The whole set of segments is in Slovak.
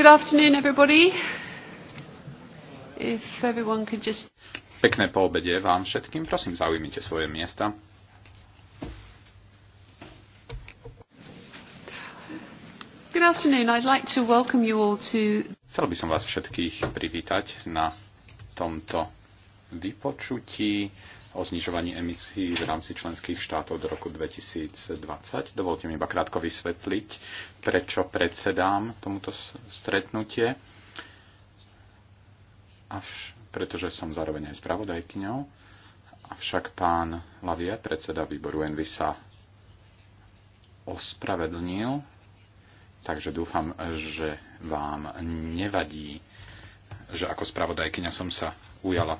Good afternoon, everybody. If everyone could just... Pekné poobede vám všetkým. Prosím, zaujímite svoje miesta. Good afternoon. I'd like to welcome you all to... Chcel by som vás všetkých privítať na tomto vypočutí o znižovaní emisí v rámci členských štátov do roku 2020. Dovolte mi iba krátko vysvetliť, prečo predsedám tomuto stretnutie. Až pretože som zároveň aj spravodajkyňou. Avšak pán Lavia, predseda výboru Envy, sa ospravedlnil, takže dúfam, že vám nevadí, že ako spravodajkyňa som sa ujala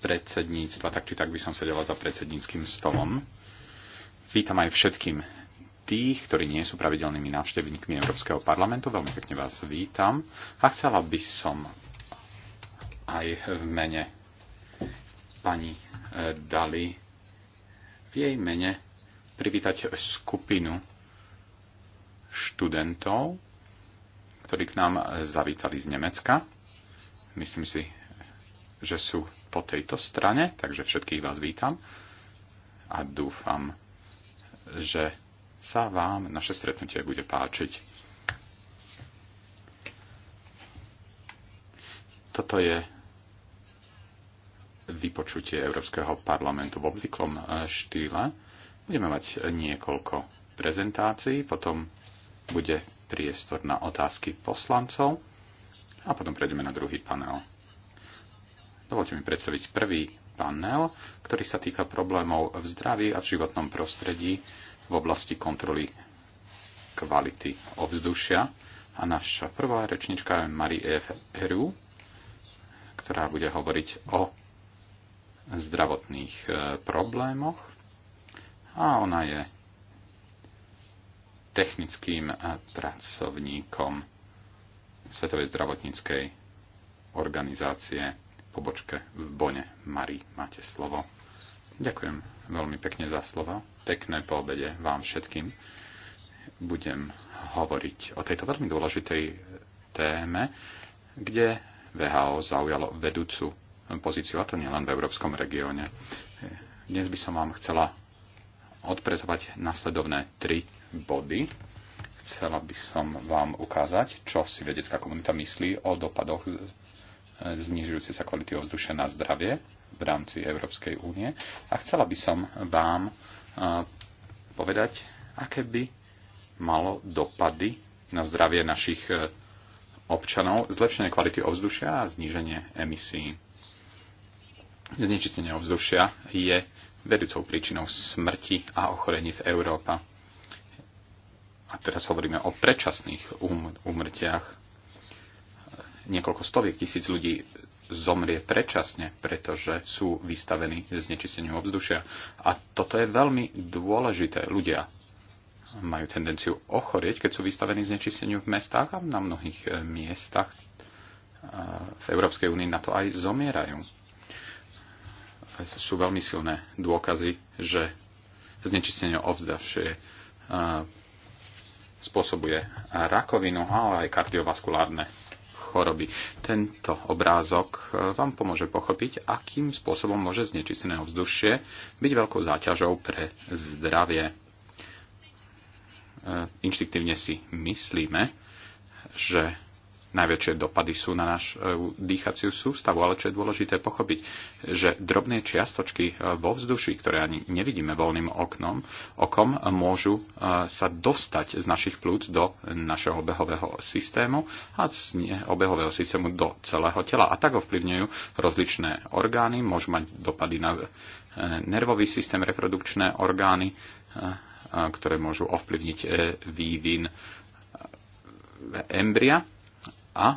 predsedníctva, tak či tak by som sedela za predsedníckým stolom. Vítam aj všetkým tých, ktorí nie sú pravidelnými návštevníkmi Európskeho parlamentu. Veľmi pekne vás vítam a chcela by som aj v mene pani e, Dali v jej mene privítať skupinu študentov, ktorí k nám zavítali z Nemecka. Myslím si, že sú po tejto strane, takže všetkých vás vítam a dúfam, že sa vám naše stretnutie bude páčiť. Toto je vypočutie Európskeho parlamentu v obvyklom e, štýle. Budeme mať niekoľko prezentácií, potom bude priestor na otázky poslancov a potom prejdeme na druhý panel. Dovolte mi predstaviť prvý panel, ktorý sa týka problémov v zdraví a v životnom prostredí v oblasti kontroly kvality ovzdušia. A naša prvá rečnička je Marie F. Eru, ktorá bude hovoriť o zdravotných e, problémoch. A ona je technickým e, pracovníkom Svetovej zdravotníckej organizácie pobočke v Bone. Mari, máte slovo. Ďakujem veľmi pekne za slovo. Pekné po obede vám všetkým. Budem hovoriť o tejto veľmi dôležitej téme, kde VHO zaujalo vedúcu pozíciu, a to nie len v európskom regióne. Dnes by som vám chcela odprezovať nasledovné tri body. Chcela by som vám ukázať, čo si vedecká komunita myslí o dopadoch znižujúce sa kvality ovzdušia na zdravie v rámci Európskej únie. A chcela by som vám povedať, aké by malo dopady na zdravie našich e, občanov zlepšenie kvality ovzdušia a zníženie emisí. Znečistenie ovzdušia je vedúcou príčinou smrti a ochorení v Európa. A teraz hovoríme o predčasných úmrtiach um, niekoľko stoviek tisíc ľudí zomrie predčasne, pretože sú vystavení znečisteniu obzdušia. A toto je veľmi dôležité. Ľudia majú tendenciu ochorieť, keď sú vystavení znečisteniu v mestách a na mnohých eh, miestach eh, v Európskej únii na to aj zomierajú. Sú veľmi silné dôkazy, že znečistenie ovzdavšie eh, spôsobuje rakovinu, ale aj kardiovaskulárne choroby. Tento obrázok e, vám pomôže pochopiť, akým spôsobom môže znečistené ovzdušie byť veľkou záťažou pre zdravie. E, Inštiktívne si myslíme, že Najväčšie dopady sú na našu e, dýchaciu sústavu, ale čo je dôležité pochopiť, že drobné čiastočky e, vo vzduši, ktoré ani nevidíme voľným oknom, okom môžu e, sa dostať z našich plúc do našeho obehového systému a z obehového systému do celého tela. A tak ovplyvňujú rozličné orgány, môžu mať dopady na nervový systém, reprodukčné orgány, ktoré môžu ovplyvniť vývin embria a e,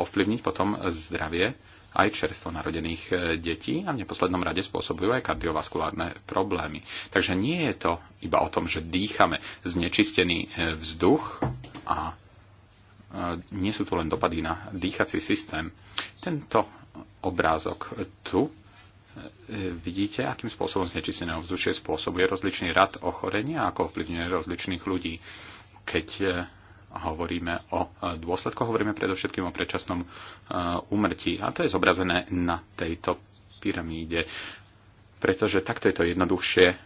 ovplyvniť potom zdravie aj čerstvo narodených e, detí a v neposlednom rade spôsobujú aj kardiovaskulárne problémy. Takže nie je to iba o tom, že dýchame znečistený e, vzduch a nie sú to len dopady na dýchací systém. Tento obrázok tu vidíte, akým spôsobom znečistené ovzdušie spôsobuje rozličný rad ochorenia a ako ovplyvňuje rozličných ľudí. Keď hovoríme o dôsledkoch, hovoríme predovšetkým o predčasnom eh, úmrtí. A to je zobrazené na tejto pyramíde, pretože takto je to jednoduchšie eh,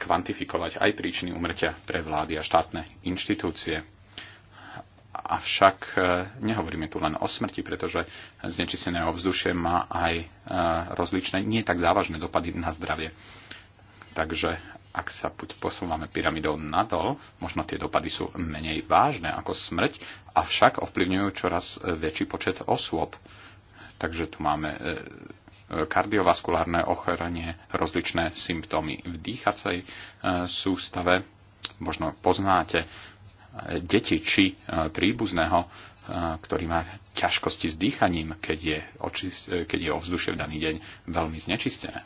kvantifikovať aj príčiny umrtia pre vlády a štátne inštitúcie. Avšak eh, nehovoríme tu len o smrti, pretože znečistené ovzdušie má aj rozličné, nie tak závažné dopady na zdravie. Takže ak sa posúvame pyramidou nadol, možno tie dopady sú menej vážne ako smrť, avšak ovplyvňujú čoraz e, väčší počet osôb. Takže tu máme e, e, kardiovaskulárne ochorenie, rozličné symptómy v dýchacej sústave. Možno poznáte deti či príbuzného, ktorý má ťažkosti s dýchaním, keď je, očist, keď je ovzdušie v daný deň veľmi znečistené.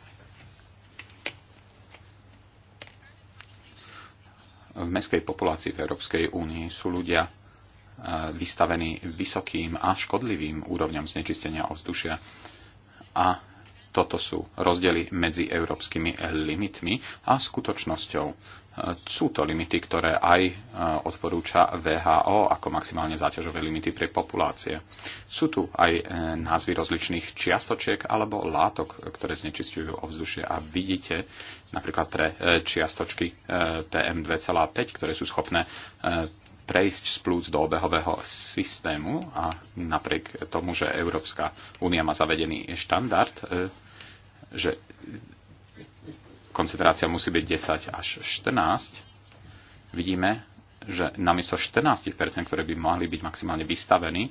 v mestskej populácii v Európskej únii sú ľudia e, vystavení vysokým a škodlivým úrovňam znečistenia ovzdušia a toto sú rozdiely medzi európskymi limitmi a skutočnosťou. Sú to limity, ktoré aj e, odporúča VHO ako maximálne záťažové limity pre populácie. Sú tu aj e, názvy rozličných čiastočiek alebo látok, ktoré znečistujú ovzdušie a vidíte napríklad pre e, čiastočky PM2,5, ktoré sú schopné prejsť z plúc do obehového systému a napriek tomu, že Európska únia má zavedený štandard, že koncentrácia musí byť 10 až 14, vidíme, že namiesto 14%, ktoré by mohli byť maximálne vystavení e,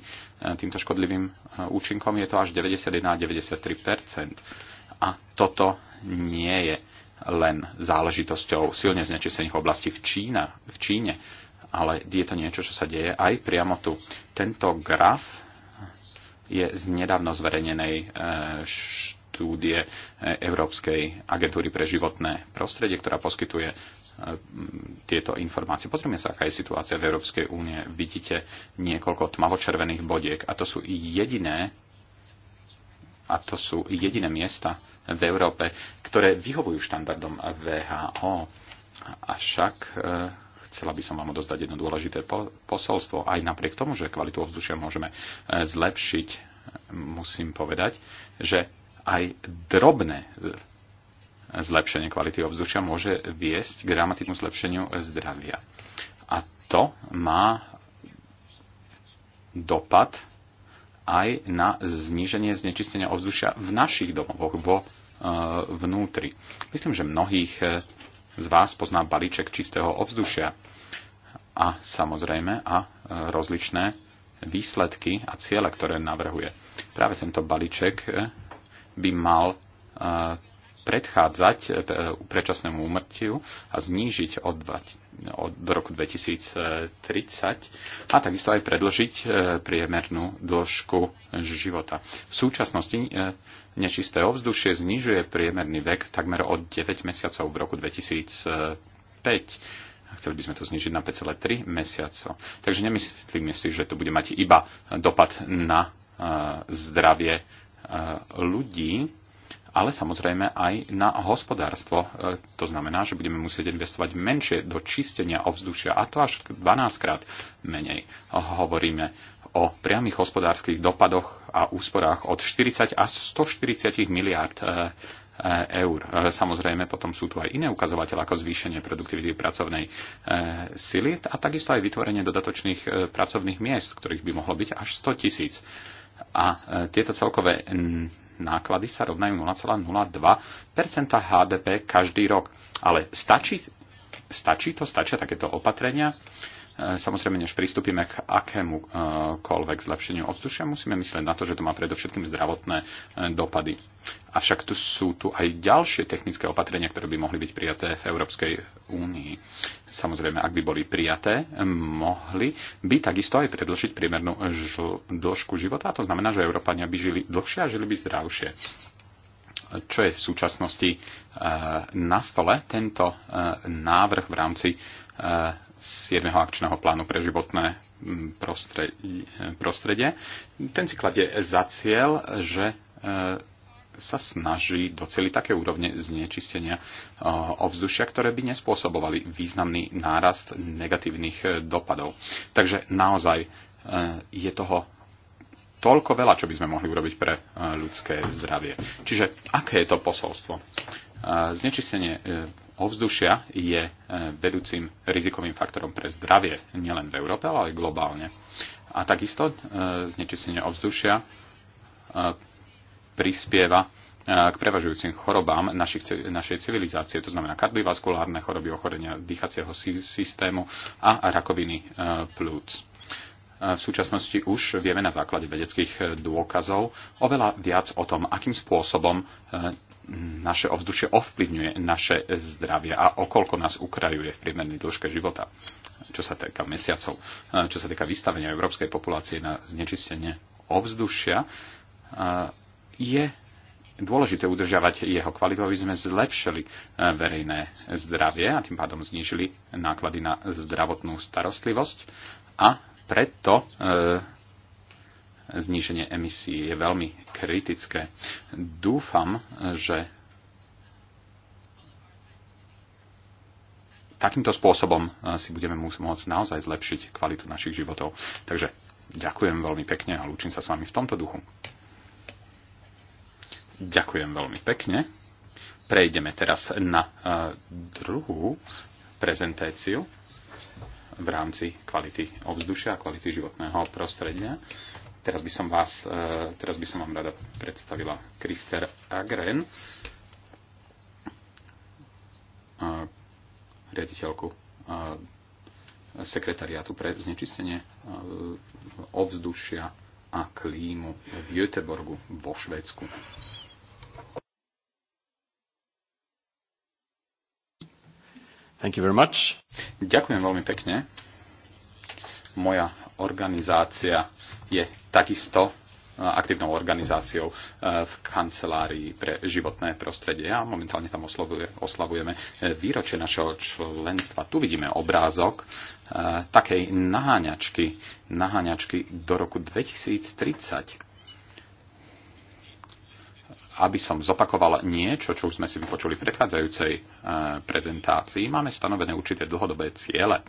týmto škodlivým e, účinkom, je to až 91-93%. A toto nie je len záležitosťou silne znečistených oblastí v, Čína, v Číne, ale je to niečo, čo sa deje aj priamo tu. Tento graf je z nedávno zverejnenej e, štúdie e, Európskej agentúry pre životné prostredie, ktorá poskytuje e, tieto informácie. Pozrieme sa, aká je situácia v Európskej únie. Vidíte niekoľko tmavočervených bodiek a to sú jediné a to sú jediné miesta v Európe, ktoré vyhovujú štandardom VHO. Avšak e, chcela by som vám odozdať jedno dôležité posolstvo. Aj napriek tomu, že kvalitu ovzdušia môžeme zlepšiť, musím povedať, že aj drobné zlepšenie kvality ovzdušia môže viesť k dramatickému zlepšeniu zdravia. A to má dopad aj na zníženie znečistenia ovzdušia v našich domovoch, vo e, vnútri. Myslím, že mnohých e, z vás pozná balíček čistého ovzdušia a samozrejme a e, rozličné výsledky a ciele, ktoré navrhuje. Práve tento balíček by mal e, predchádzať e, e, predčasnému úmrtiu a znížiť od, od do roku 2030 a takisto aj predložiť priemernú dĺžku života. V súčasnosti nečisté ovzdušie znižuje priemerný vek takmer od 9 mesiacov v roku 2005 chceli by sme to znižiť na 5,3 mesiacov. Takže nemyslíme si, že to bude mať iba dopad na zdravie E, ľudí, ale samozrejme aj na hospodárstvo. E, to znamená, že budeme musieť investovať menšie do čistenia ovzdušia a to až 12 krát menej. Hovoríme o priamých hospodárskych dopadoch a úsporách od 40 až 140 miliárd e, eur. Samozrejme, potom sú tu aj iné ukazovatele ako zvýšenie produktivity pracovnej sily a takisto aj vytvorenie dodatočných pracovných miest, ktorých by mohlo byť až 100 tisíc a e, tieto celkové náklady sa rovnajú 0,02 HDP každý rok. Ale stačí, stačí to, stačia takéto opatrenia? Samozrejme, než pristúpime k akémukoľvek zlepšeniu ovzdušia, musíme myslieť na to, že to má predovšetkým zdravotné eh, dopady. Avšak tu sú tu aj ďalšie technické opatrenia, ktoré by mohli byť prijaté v Európskej únii. Samozrejme, ak by boli prijaté, mohli by takisto aj predlžiť priemernú dĺžku života. A to znamená, že Európania by žili dlhšie a žili by zdravšie čo je v súčasnosti eh, na stole, tento eh, návrh v rámci 7. akčného plánu pre životné mm, prostredie. Ten si kladie za cieľ, že e, sa snaží doceliť také úrovne znečistenia e, ovzdušia, ktoré by nespôsobovali významný nárast negatívnych e, dopadov. Takže naozaj je toho toľko veľa, čo by sme mohli urobiť pre ľudské zdravie. Čiže aké je to posolstvo? Znečistenie ovzdušia je e, vedúcim rizikovým faktorom pre zdravie nielen v Európe, ale aj globálne. A takisto e, znečistenie ovzdušia e, prispieva k prevažujúcim chorobám našich, našej civilizácie, to znamená kardiovaskulárne choroby, ochorenia dýchacieho systému a rakoviny plúc. V súčasnosti už vieme na základe vedeckých dôkazov oveľa viac o tom, akým spôsobom naše ovzdušie ovplyvňuje naše zdravie a okolko nás ukrajuje v priemernej dĺžke života, čo sa týka mesiacov, eh, čo sa týka vystavenia európskej populácie na znečistenie ovzdušia, eh, je dôležité udržiavať jeho kvalitu, aby sme zlepšili eh, verejné zdravie a tým pádom znížili náklady na zdravotnú starostlivosť a preto zníženie emisí je veľmi kritické. Dúfam, že takýmto spôsobom eh, si budeme môcť naozaj zlepšiť kvalitu našich životov. Takže ďakujem veľmi pekne a lúčim sa s vami v tomto duchu. Ďakujem veľmi pekne. Prejdeme teraz na eh, druhú prezentáciu v rámci kvality ovzdušia a kvality životného prostredia. Teraz by som, vás, e, teraz by som vám rada predstavila Krister Agren, e, riaditeľku e, sekretariátu pre znečistenie ovzdušia a klímu v Göteborgu vo Švédsku. Thank you very much. Ďakujem veľmi pekne. Moja organizácia je takisto e, aktívnou organizáciou e, v kancelárii pre životné prostredie a momentálne tam oslavujeme e, výročie našeho členstva. Tu vidíme obrázok takej naháňačky, naháňačky do roku 2030 aby som zopakoval niečo, čo už sme si vypočuli v predchádzajúcej prezentácii, máme stanovené určité dlhodobé ciele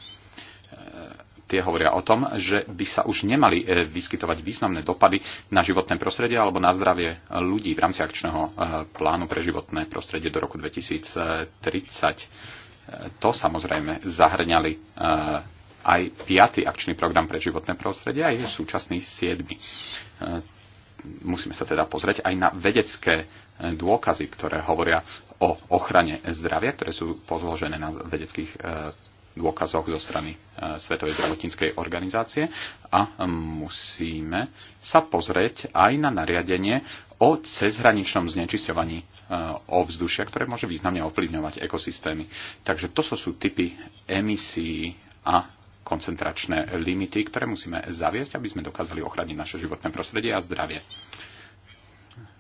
Tie hovoria o tom, že by sa už nemali e, vyskytovať významné dopady na životné prostredie alebo na zdravie ľudí v rámci akčného e, plánu pre životné prostredie do roku 2030. E, to samozrejme zahrňali aj 5. akčný program pre životné prostredie a je súčasný 7 musíme sa teda pozrieť aj na vedecké dôkazy, ktoré hovoria o ochrane zdravia, ktoré sú pozložené na vedeckých dôkazoch zo strany e, Svetovej zdravotníckej organizácie a e, musíme sa pozrieť aj na nariadenie o cezhraničnom znečisťovaní e, ovzdušia, ktoré môže významne ovplyvňovať ekosystémy. Takže to sú typy emisí a koncentračné limity, ktoré musíme zaviesť, aby sme dokázali ochrániť naše životné prostredie a zdravie.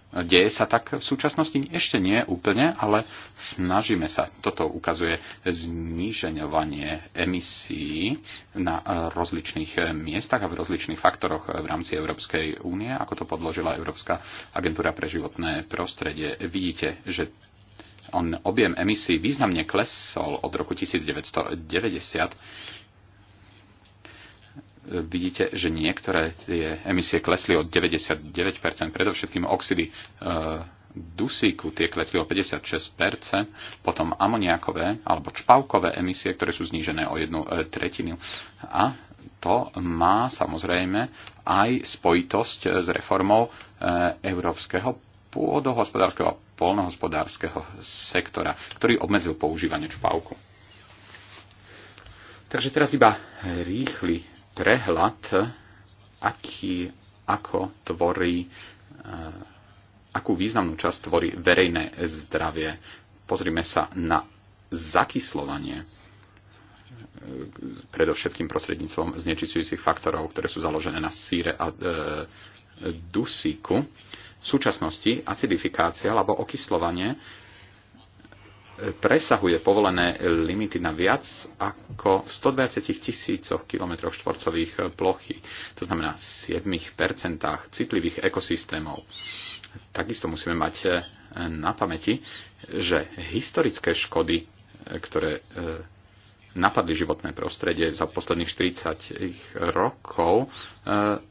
Deje sa tak v súčasnosti ešte nie úplne, ale snažíme sa. Toto ukazuje znižovanie emisí na e, rozličných e, miestach a v rozličných faktoroch e, v rámci Európskej únie, ako to podložila Európska agentúra pre životné prostredie. Vidíte, že on objem emisí významne klesol od roku 1990 vidíte, že niektoré tie emisie klesli o 99%, predovšetkým oxidy e, dusíku, tie klesli o 56%, potom amoniakové alebo čpavkové emisie, ktoré sú znížené o jednu e, tretinu. A to má samozrejme aj spojitosť e, s reformou e, európskeho pôdohospodárskeho a polnohospodárskeho sektora, ktorý obmedzil používanie čpavku. Takže teraz iba rýchly prehľad, aký, ako tvorí, eh, akú významnú časť tvorí verejné zdravie. Pozrime sa na zakyslovanie eh, predovšetkým prostredníctvom znečistujúcich faktorov, ktoré sú založené na síre a e, dusíku. V súčasnosti acidifikácia alebo okyslovanie presahuje povolené limity na viac ako 120 tisícoch km štvorcových plochy, to znamená 7 citlivých ekosystémov. Takisto musíme mať e, na pamäti, že historické škody, e, ktoré e, napadli životné prostredie za posledných 40 rokov,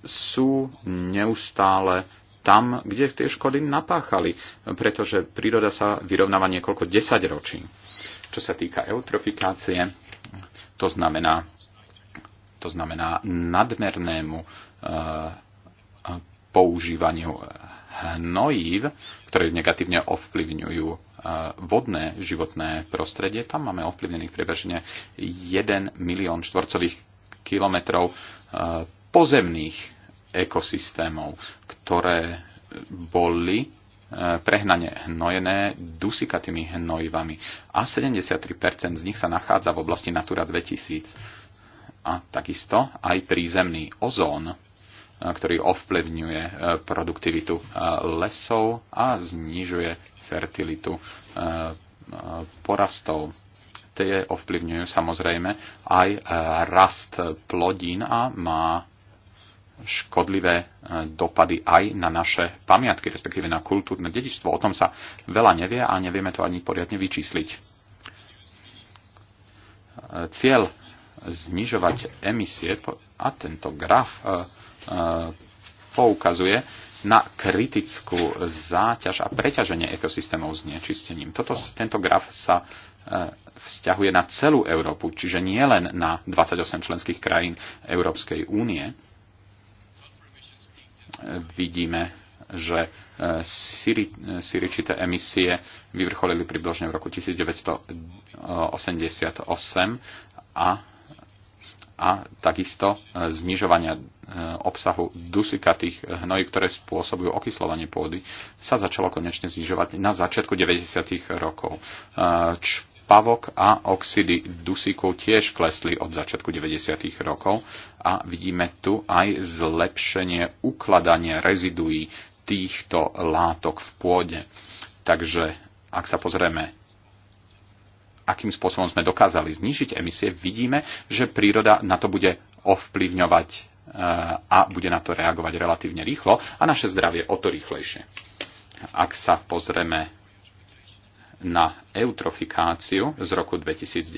sú neustále tam, kde tie škody napáchali, pretože príroda sa vyrovnáva niekoľko desaťročí. Čo sa týka eutrofikácie, to znamená, to znamená nadmernému e, používaniu hnojív, ktoré negatívne ovplyvňujú eh, vodné životné prostredie. Tam máme ovplyvnených prebežne 1 milión štvorcových kilometrov eh, pozemných ekosystémov, ktoré boli e, prehnane hnojené dusikatými hnojivami a 73% z nich sa nachádza v oblasti Natura 2000. A takisto aj prízemný ozón, e, ktorý ovplyvňuje e, produktivitu lesov a znižuje fertilitu porastov. Tie ovplyvňujú samozrejme aj rast plodín a má škodlivé e, dopady aj na naše pamiatky, respektíve na kultúrne dedičstvo. O tom sa veľa nevie a nevieme to ani poriadne vyčísliť. E, cieľ znižovať emisie a tento graf e, poukazuje na kritickú záťaž a preťaženie ekosystémov s nečistením. Toto, tento graf sa vzťahuje na celú Európu, čiže nie len na 28 členských krajín Európskej únie, vidíme, že e, Syri, e, syričité emisie vyvrcholili približne v roku 1988 a, a takisto e, znižovania obsahu dusikatých hnojí, ktoré spôsobujú okyslovanie pôdy, sa začalo konečne znižovať na začiatku 90. rokov. Č pavok a oxidy dusíkov tiež klesli od začiatku 90. rokov a vidíme tu aj zlepšenie ukladania reziduí týchto látok v pôde. Takže ak sa pozrieme akým spôsobom sme dokázali znižiť emisie, vidíme, že príroda na to bude ovplyvňovať e, a bude na to reagovať relatívne rýchlo a naše zdravie o to rýchlejšie. Ak sa pozrieme na eutrofikáciu z roku 2010.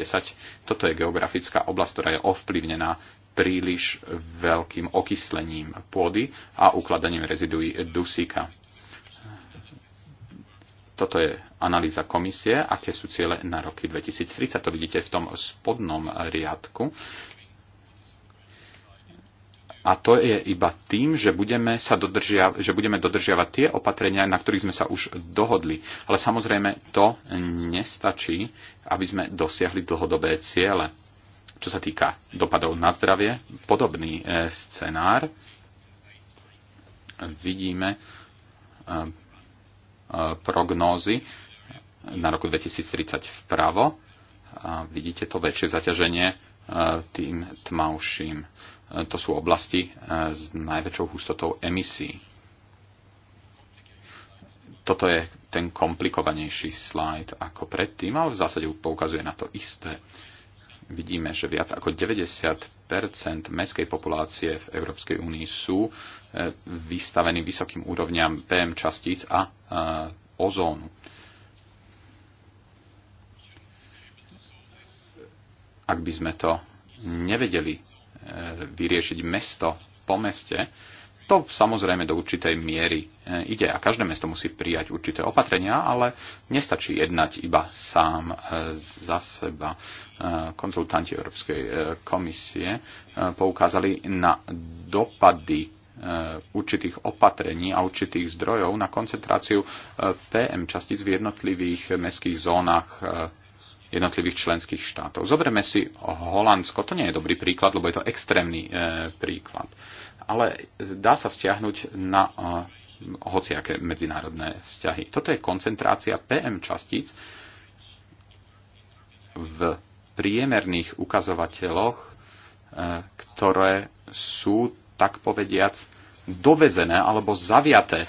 Toto je geografická oblasť, ktorá je ovplyvnená príliš veľkým okyslením pôdy a ukladaním reziduí dusíka. Toto je analýza komisie, aké sú ciele na roky 2030. To vidíte v tom spodnom riadku, a to je iba tým, že budeme, sa dodržia, že budeme dodržiavať tie opatrenia, na ktorých sme sa už dohodli. Ale samozrejme to nestačí, aby sme dosiahli dlhodobé ciele. Čo sa týka dopadov na zdravie, podobný e, scenár vidíme e, e, prognózy na roku 2030 vpravo. A vidíte to väčšie zaťaženie tým tmavším. To sú oblasti e, s najväčšou hustotou emisí. Toto je ten komplikovanejší slajd ako predtým, ale v zásade poukazuje na to isté. Vidíme, že viac ako 90 mestskej populácie v Európskej únii sú e, vystavení vysokým úrovňam PM častíc a e, ozónu Ak by sme to nevedeli e, vyriešiť mesto po meste, to samozrejme do určitej miery e, ide a každé mesto musí prijať určité opatrenia, ale nestačí jednať iba sám e, za seba. Konzultanti Európskej komisie poukázali na dopady určitých opatrení a určitých zdrojov na koncentráciu PM častíc v jednotlivých mestských zónach jednotlivých členských štátov. Zoberme si Holandsko, to nie je dobrý príklad, lebo je to extrémny e, príklad, ale dá sa vzťahnuť na e, hociaké medzinárodné vzťahy. Toto je koncentrácia PM častíc v priemerných ukazovateľoch, e, ktoré sú, tak povediac, dovezené alebo zaviaté e,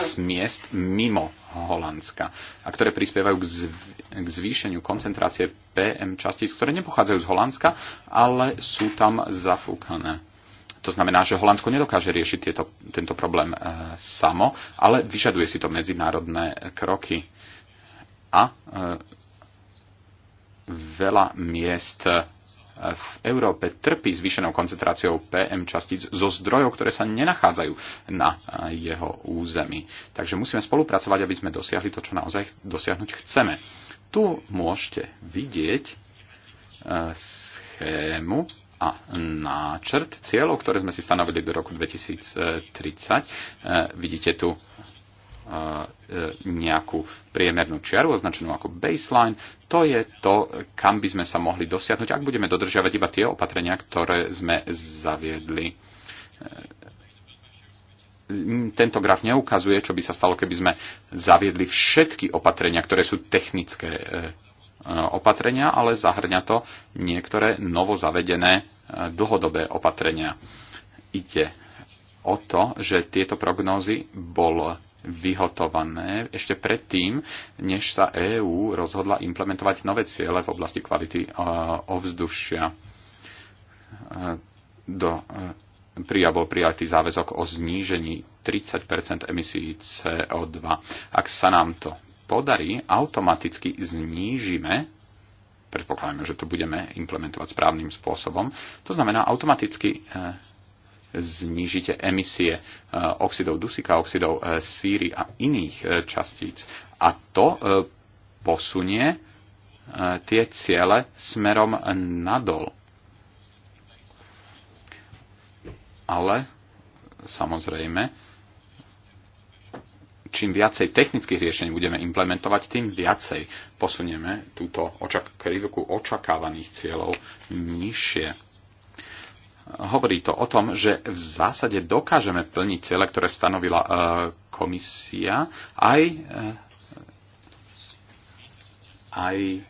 z miest mimo Holandska a ktoré prispievajú k, zv- k zvýšeniu koncentrácie PM častíc, ktoré nepochádzajú z Holandska, ale sú tam zafúkané. To znamená, že Holandsko nedokáže riešiť tieto, tento problém e, samo, ale vyžaduje si to medzinárodné kroky. A e, veľa miest v Európe trpí zvýšenou koncentráciou PM častíc zo zdrojov, ktoré sa nenachádzajú na jeho území. Takže musíme spolupracovať, aby sme dosiahli to, čo naozaj dosiahnuť chceme. Tu môžete vidieť e, schému a náčrt cieľov, ktoré sme si stanovili do roku 2030. E, e, vidíte tu E, nejakú priemernú čiaru označenú ako baseline. To je to, kam by sme sa mohli dosiahnuť, ak budeme dodržiavať iba tie opatrenia, ktoré sme zaviedli. E, tento graf neukazuje, čo by sa stalo, keby sme zaviedli všetky opatrenia, ktoré sú technické e, opatrenia, ale zahrňa to niektoré novozavedené dlhodobé opatrenia. Ide o to, že tieto prognózy bol vyhotované ešte predtým, než sa EÚ rozhodla implementovať nové ciele v oblasti kvality ovzdušia. Do, e, prija bol prijatý záväzok o znížení 30 emisí CO2. Ak sa nám to podarí, automaticky znížime predpokladáme, že to budeme implementovať správnym spôsobom. To znamená, automaticky e, znížite emisie e, oxidov dusika, oxidov e, síry a iných e, častíc. A to posunie tie ciele smerom nadol. Ale samozrejme, čím viacej technických riešení budeme implementovať, tým viacej posunieme túto očak- krivku očakávaných cieľov nižšie Hovorí to o tom, že v zásade dokážeme plniť ciele, ktoré stanovila e, komisia, aj, e, aj e,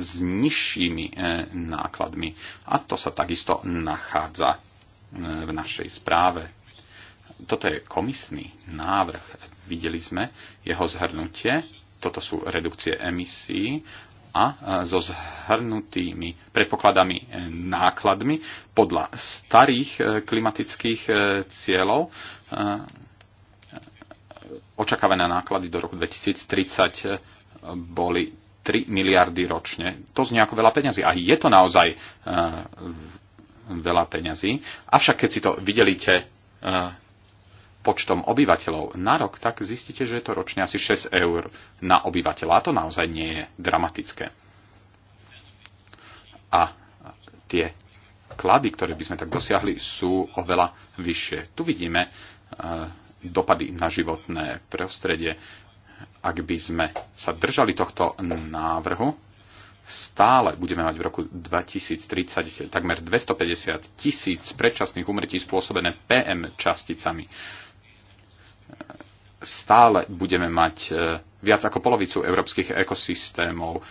s nižšími nákladmi. A to sa takisto nachádza v našej správe. Toto je komisný návrh. Videli sme jeho zhrnutie. Toto sú redukcie emisí a so zhrnutými predpokladami e, nákladmi podľa starých e, klimatických e, cieľov očakávané náklady do roku 2030 boli 3 miliardy ročne. To znie ako veľa peňazí. A je to naozaj veľa peňazí. Avšak keď si to videlíte počtom obyvateľov na rok, tak zistíte, že je to ročne asi 6 eur na obyvateľa. A to naozaj nie je dramatické. A tie klady, ktoré by sme tak dosiahli, sú oveľa vyššie. Tu vidíme e, dopady na životné prostredie. Ak by sme sa držali tohto návrhu, stále budeme mať v roku 2030 takmer 250 tisíc predčasných umrtí spôsobené PM časticami stále budeme mať e, viac ako polovicu európskych ekosystémov, e,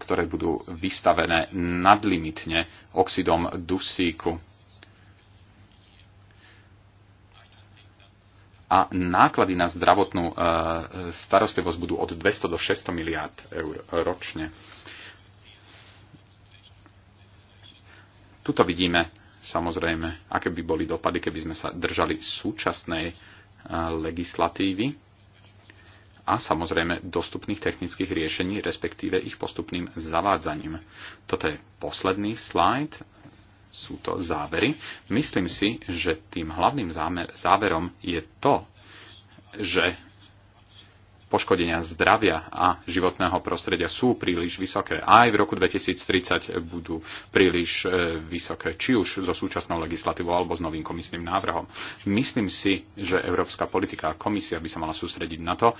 ktoré budú vystavené nadlimitne oxidom dusíku. A náklady na zdravotnú e, starostlivosť budú od 200 do 600 miliárd eur ročne. Tuto vidíme samozrejme, aké by boli dopady, keby sme sa držali súčasnej legislatívy a samozrejme dostupných technických riešení, respektíve ich postupným zavádzaním. Toto je posledný slajd, sú to závery. Myslím si, že tým hlavným záverom je to, že poškodenia zdravia a životného prostredia sú príliš vysoké. A aj v roku 2030 budú príliš e, vysoké, či už so súčasnou legislatívou alebo s novým komisným návrhom. Myslím si, že európska politika a komisia by sa mala sústrediť na to,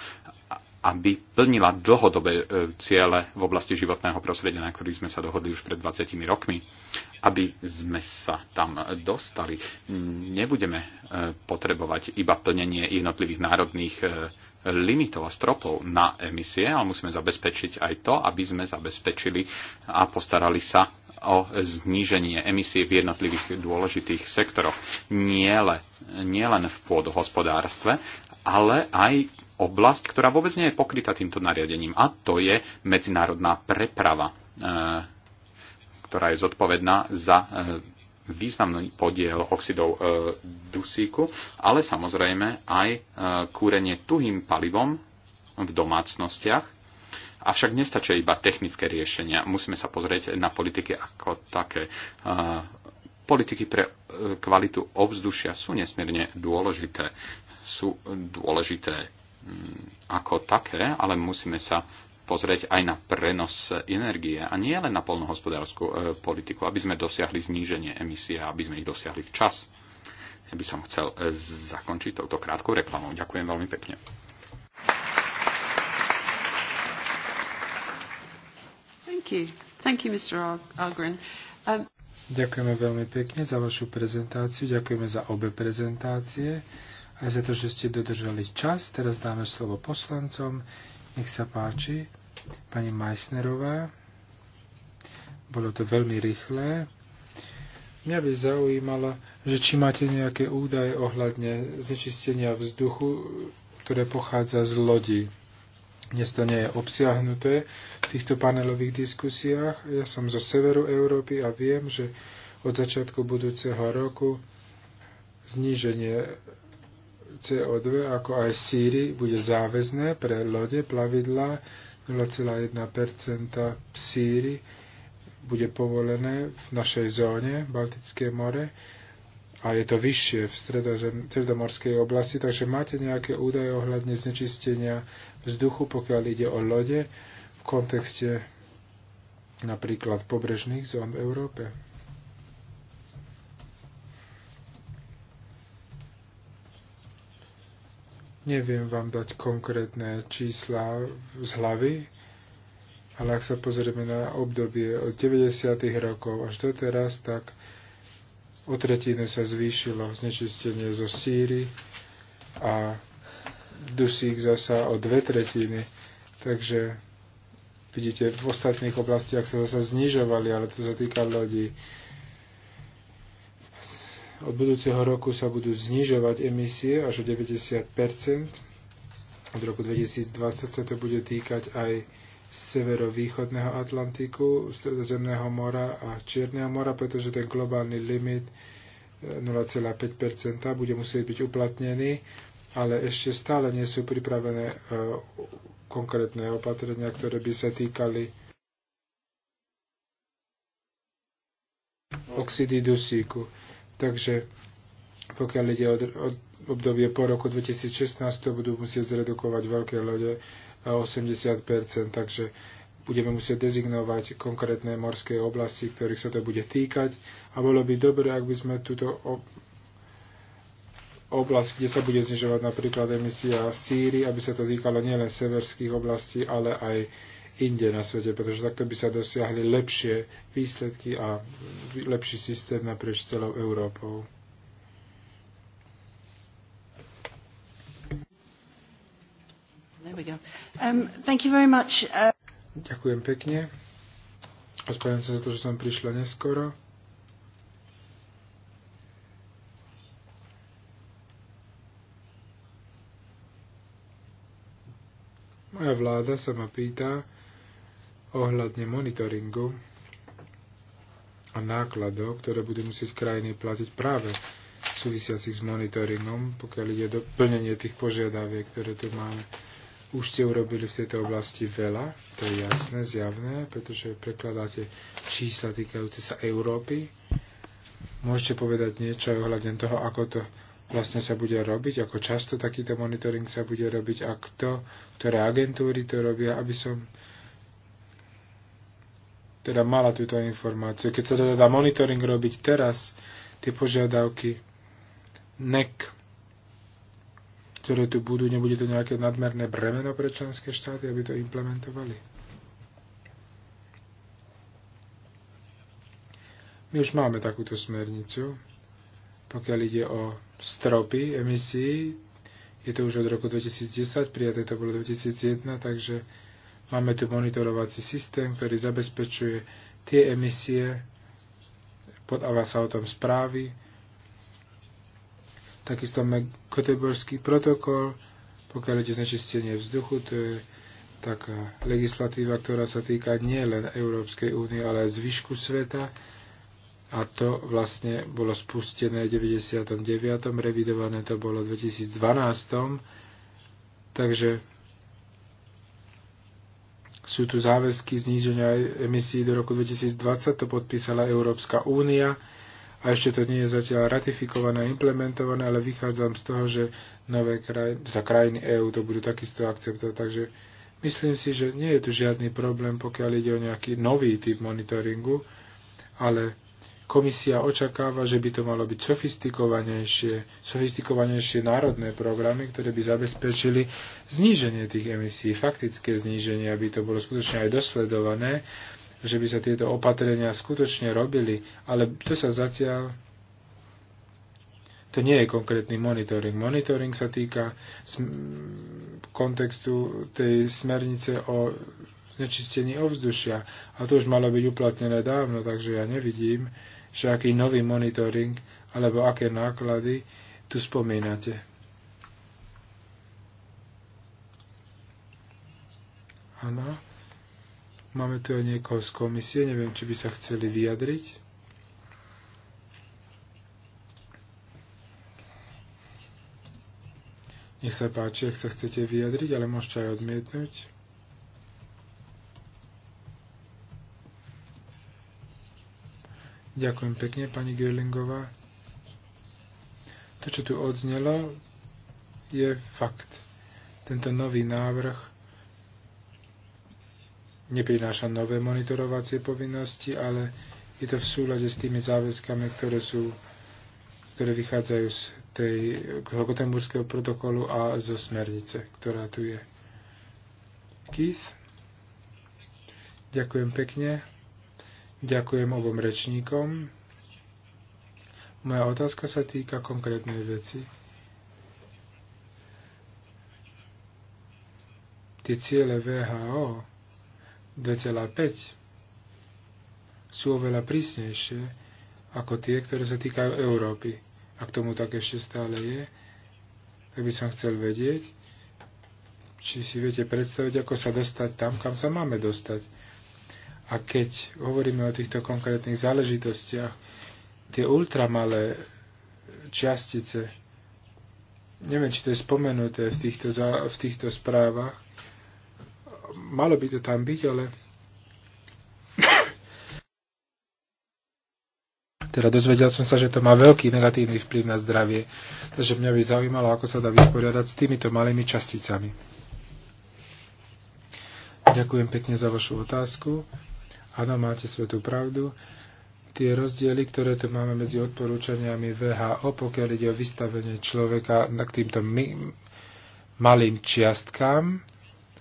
aby plnila dlhodobé e, ciele v oblasti životného prostredia, na ktorých sme sa dohodli už pred 20 rokmi, aby sme sa tam dostali. Nebudeme e, potrebovať iba plnenie jednotlivých národných limitov a stropov na emisie, ale musíme zabezpečiť aj to, aby sme zabezpečili a postarali sa o zníženie emisie v jednotlivých dôležitých sektoroch. Nie, nie len v pôdohospodárstve, ale aj oblasť, ktorá vôbec nie je pokrytá týmto nariadením, a to je medzinárodná preprava, e, ktorá je zodpovedná za e, významný podiel oxidov e, dusíku, ale samozrejme aj e, kúrenie tuhým palivom v domácnostiach. Avšak nestačia iba technické riešenia. Musíme sa pozrieť na politiky ako také. E, politiky pre kvalitu ovzdušia sú nesmierne dôležité. Sú dôležité mm, ako také, ale musíme sa pozrieť aj na prenos energie a nie len na polnohospodárskú e, politiku, aby sme dosiahli zníženie emisie a aby sme ich dosiahli včas. Ja by som chcel e, zakončiť touto krátkou reklamou. Ďakujem veľmi pekne. Thank you. Thank you, Mr. Algren. Um... Ďakujeme veľmi pekne za vašu prezentáciu. Ďakujeme za obe prezentácie aj za to, že ste dodržali čas. Teraz dáme slovo poslancom. Nech sa páči pani Meissnerová. Bolo to veľmi rýchle. Mňa by zaujímalo, že či máte nejaké údaje ohľadne znečistenia vzduchu, ktoré pochádza z lodi. Dnes to nie je obsiahnuté v týchto panelových diskusiách. Ja som zo severu Európy a viem, že od začiatku budúceho roku zníženie CO2 ako aj síry bude záväzné pre lode, plavidla, 0,1 síry bude povolené v našej zóne, Baltické more, a je to vyššie v stredomorskej oblasti, takže máte nejaké údaje ohľadne znečistenia vzduchu, pokiaľ ide o lode v kontexte napríklad pobrežných zón v Európe? Neviem vám dať konkrétne čísla z hlavy, ale ak sa pozrieme na obdobie od 90. rokov až do teraz, tak o tretinu sa zvýšilo znečistenie zo síry a dusík zasa o dve tretiny. Takže vidíte, v ostatných oblastiach sa zasa znižovali, ale to sa týka lodí. Od budúceho roku sa budú znižovať emisie až o 90 Od roku 2020 sa to bude týkať aj severovýchodného Atlantiku, Stredozemného mora a Čierneho mora, pretože ten globálny limit 0,5 e, bude musieť byť uplatnený, ale ešte stále nie sú pripravené e, konkrétne opatrenia, ktoré by sa týkali oxidy dusíku. Takže pokiaľ ide od, od obdobie po roku 2016, to budú musieť zredukovať veľké lode 80%, takže budeme musieť dezignovať konkrétne morské oblasti, ktorých sa to bude týkať. A bolo by dobré, ak by sme túto oblasť, kde sa bude znižovať napríklad emisia síry, aby sa to týkalo nielen severských oblastí, ale aj inde na svete, pretože takto by sa dosiahli lepšie výsledky a lepší systém naprieč celou Európou. Um, uh, Ďakujem pekne. Ospravedlňujem sa za to, že som prišla neskoro. Moja vláda sa ma pýta, ohľadne monitoringu a nákladov, ktoré budú musieť krajiny platiť práve súvisiacich s monitoringom, pokiaľ ide do plnenie tých požiadaviek, ktoré tu máme. Už ste urobili v tejto oblasti veľa, to je jasné, zjavné, pretože prekladáte čísla týkajúce sa Európy. Môžete povedať niečo aj ohľadne toho, ako to vlastne sa bude robiť, ako často takýto monitoring sa bude robiť a kto, ktoré agentúry to robia, aby som teda mala túto informáciu. Keď sa to dá teda monitoring robiť teraz, tie požiadavky NEC, ktoré tu budú, nebude to nejaké nadmerné bremeno pre členské štáty, aby to implementovali. My už máme takúto smernicu, pokiaľ ide o stropy emisí, je to už od roku 2010, prijaté to bolo 2001, takže Máme tu monitorovací systém, ktorý zabezpečuje tie emisie, podáva sa o tom správy. Takisto máme Göteborský protokol, pokiaľ ide znečistenie vzduchu, to je taká legislatíva, ktorá sa týka nielen Európskej únie, ale aj zvyšku sveta. A to vlastne bolo spustené v 99. revidované to bolo v 2012. Takže sú tu záväzky zníženia emisí do roku 2020, to podpísala Európska únia a ešte to nie je zatiaľ ratifikované a implementované, ale vychádzam z toho, že nové kraj, teda krajiny EÚ to budú takisto akceptovať. Takže myslím si, že nie je tu žiadny problém, pokiaľ ide o nejaký nový typ monitoringu, ale Komisia očakáva, že by to malo byť sofistikovanejšie, sofistikovanejšie národné programy, ktoré by zabezpečili zníženie tých emisí, faktické zníženie, aby to bolo skutočne aj dosledované, že by sa tieto opatrenia skutočne robili, ale to sa zatiaľ to nie je konkrétny monitoring. Monitoring sa týka kontextu tej smernice o znečistení ovzdušia. A to už malo byť uplatnené dávno, takže ja nevidím, že aký nový monitoring alebo aké náklady tu spomínate. Áno. Máme tu aj niekoho z komisie, neviem, či by sa chceli vyjadriť. Nech sa páči, ak sa chcete vyjadriť, ale môžete aj odmietnúť. Ďakujem pekne, pani Gerlingová. To, čo tu odznelo, je fakt. Tento nový návrh neprináša nové monitorovacie povinnosti, ale je to v súlade s tými záväzkami, ktoré sú ktoré vychádzajú z tej Gotemburského protokolu a zo smernice, ktorá tu je. Keith? Ďakujem pekne. Ďakujem obom rečníkom. Moja otázka sa týka konkrétnej veci. Tie ciele VHO 2,5 sú oveľa prísnejšie ako tie, ktoré sa týkajú Európy. A k tomu tak ešte stále je, tak by som chcel vedieť, či si viete predstaviť, ako sa dostať tam, kam sa máme dostať a keď hovoríme o týchto konkrétnych záležitostiach, tie ultramalé častice, neviem, či to je spomenuté v týchto, v týchto správach, malo by to tam byť, ale teda dozvedel som sa, že to má veľký negatívny vplyv na zdravie. Takže mňa by zaujímalo, ako sa dá vysporiadať s týmito malými časticami. Ďakujem pekne za vašu otázku. Áno, máte svetú pravdu. Tie rozdiely, ktoré tu máme medzi odporúčaniami VHO, pokiaľ ide o vystavenie človeka k týmto my, malým čiastkám,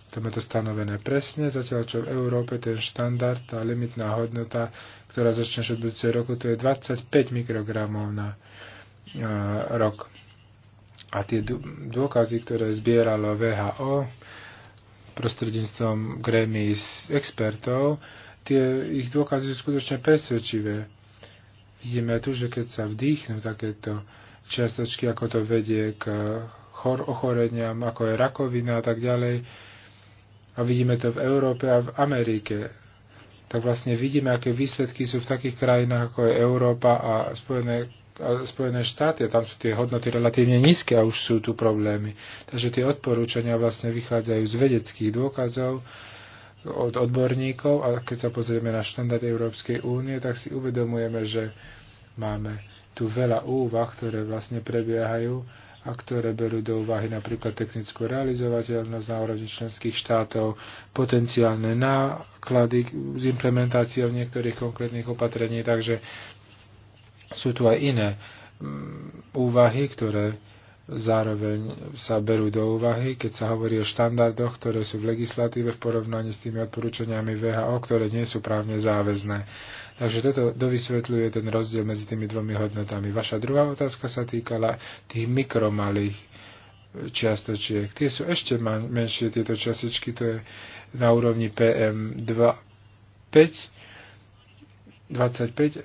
tam je to stanovené presne, zatiaľ čo v Európe ten štandard, tá limitná hodnota, ktorá začne od budúceho roku, to je 25 mikrogramov na e, rok. A tie dôkazy, ktoré zbieralo VHO prostredníctvom grémy expertov, tie ich dôkazy sú skutočne presvedčivé. Vidíme tu, že keď sa vdýchnú takéto čiastočky, ako to vedie k chor ochoreniam, ako je rakovina a tak ďalej, a vidíme to v Európe a v Amerike, tak vlastne vidíme, aké výsledky sú v takých krajinách, ako je Európa a Spojené a Spojené štáty a tam sú tie hodnoty relatívne nízke a už sú tu problémy. Takže tie odporúčania vlastne vychádzajú z vedeckých dôkazov od odborníkov a keď sa pozrieme na štandard Európskej únie, tak si uvedomujeme, že máme tu veľa úvah, ktoré vlastne prebiehajú a ktoré berú do úvahy napríklad technickú realizovateľnosť na úrovni členských štátov, potenciálne náklady s implementáciou niektorých konkrétnych opatrení, takže sú tu aj iné mm, úvahy, ktoré zároveň sa berú do úvahy, keď sa hovorí o štandardoch, ktoré sú v legislatíve v porovnaní s tými odporúčaniami VHO, ktoré nie sú právne záväzné. Takže toto dovysvetľuje ten rozdiel medzi tými dvomi hodnotami. Vaša druhá otázka sa týkala tých mikromalých čiastočiek. Tie sú ešte menšie, tieto častičky, to je na úrovni PM2,5 25, e,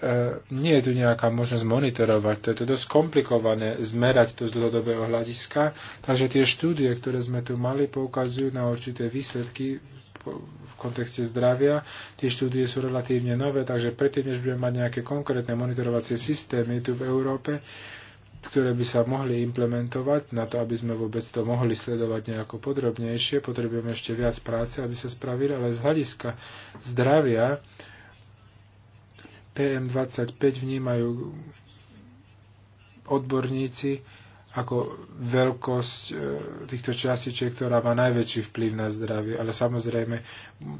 nie je tu nejaká možnosť monitorovať. To je to dosť komplikované zmerať to z dlhodobého hľadiska. Takže tie štúdie, ktoré sme tu mali, poukazujú na určité výsledky v kontexte zdravia. Tie štúdie sú relatívne nové, takže predtým, než budeme mať nejaké konkrétne monitorovacie systémy tu v Európe, ktoré by sa mohli implementovať na to, aby sme vôbec to mohli sledovať nejako podrobnejšie. Potrebujeme ešte viac práce, aby sa spravili, ale z hľadiska zdravia PM25 vnímajú odborníci ako veľkosť e, týchto častičiek, ktorá má najväčší vplyv na zdravie. Ale samozrejme,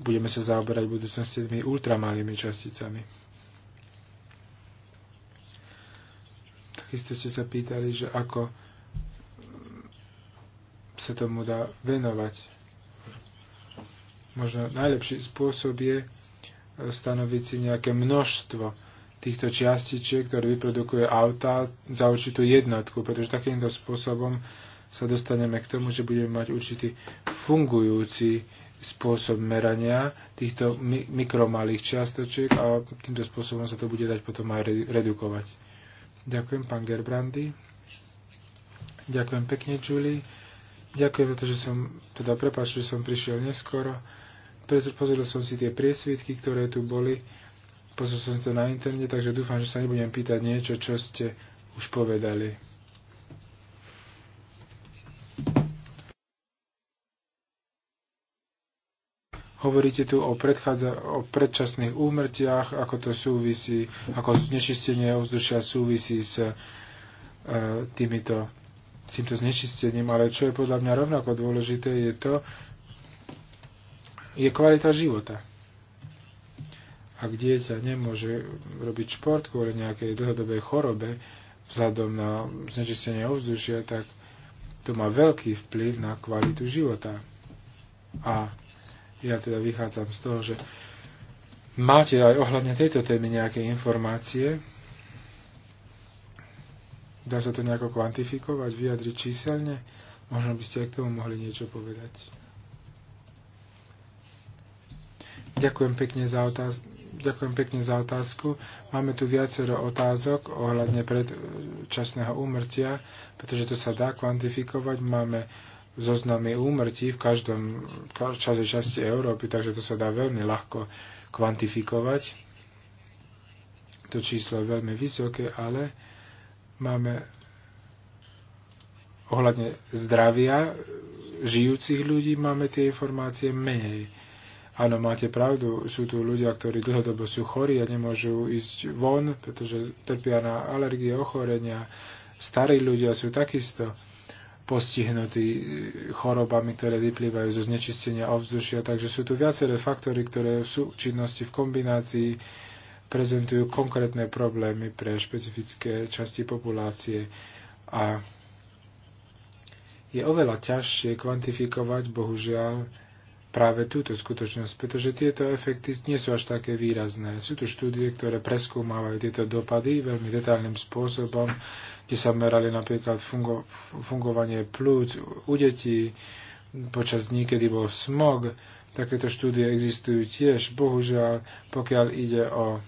budeme sa zaoberať v budúcnosti tými ultramalými časticami. Takisto ste sa pýtali, že ako sa tomu dá venovať. Možno najlepší spôsob je stanoviť si nejaké množstvo týchto čiastičiek, ktoré vyprodukuje auta za určitú jednotku, pretože takýmto spôsobom sa dostaneme k tomu, že budeme mať určitý fungujúci spôsob merania týchto mikromalých čiastočiek a týmto spôsobom sa to bude dať potom aj redukovať. Ďakujem, pán Gerbrandy. Ďakujem pekne, Julie. Ďakujem za to, že som, teda prepáč, že som prišiel neskoro. Pozrel som si tie priesvitky, ktoré tu boli. Pozrel som si to na internete, takže dúfam, že sa nebudem pýtať niečo, čo ste už povedali. Hovoríte tu o, predchádza o predčasných úmrtiach, ako to súvisí, ako znečistenie ovzdušia súvisí s e, týmito, týmto znečistením, ale čo je podľa mňa rovnako dôležité, je to, je kvalita života. Ak dieťa nemôže robiť šport kvôli nejakej dlhodobej chorobe, vzhľadom na znečistenie ovzdušia, tak to má veľký vplyv na kvalitu života. A ja teda vychádzam z toho, že máte aj ohľadne tejto témy nejaké informácie. Dá sa to nejako kvantifikovať, vyjadriť číselne? Možno by ste aj k tomu mohli niečo povedať. Ďakujem pekne za otázku. Ďakujem pekne za otázku. Máme tu viacero otázok ohľadne predčasného úmrtia, pretože to sa dá kvantifikovať. Máme zoznamy úmrtí v každom čase časti Európy, takže to sa dá veľmi ľahko kvantifikovať. To číslo je veľmi vysoké, ale máme ohľadne zdravia žijúcich ľudí máme tie informácie menej. Áno, máte pravdu, sú tu ľudia, ktorí dlhodobo sú chorí a nemôžu ísť von, pretože trpia na alergie, ochorenia. Starí ľudia sú takisto postihnutí chorobami, ktoré vyplývajú zo znečistenia ovzdušia. Takže sú tu viaceré faktory, ktoré v súčinnosti v kombinácii prezentujú konkrétne problémy pre špecifické časti populácie. A je oveľa ťažšie kvantifikovať, bohužiaľ, práve túto skutočnosť, pretože tieto efekty nie sú až také výrazné. Sú tu štúdie, ktoré preskúmávajú tieto dopady veľmi detailným spôsobom, kde sa merali napríklad fungo- fungovanie plúc u detí, počas dní, kedy bol smog. Takéto štúdie existujú tiež. Bohužiaľ, pokiaľ ide o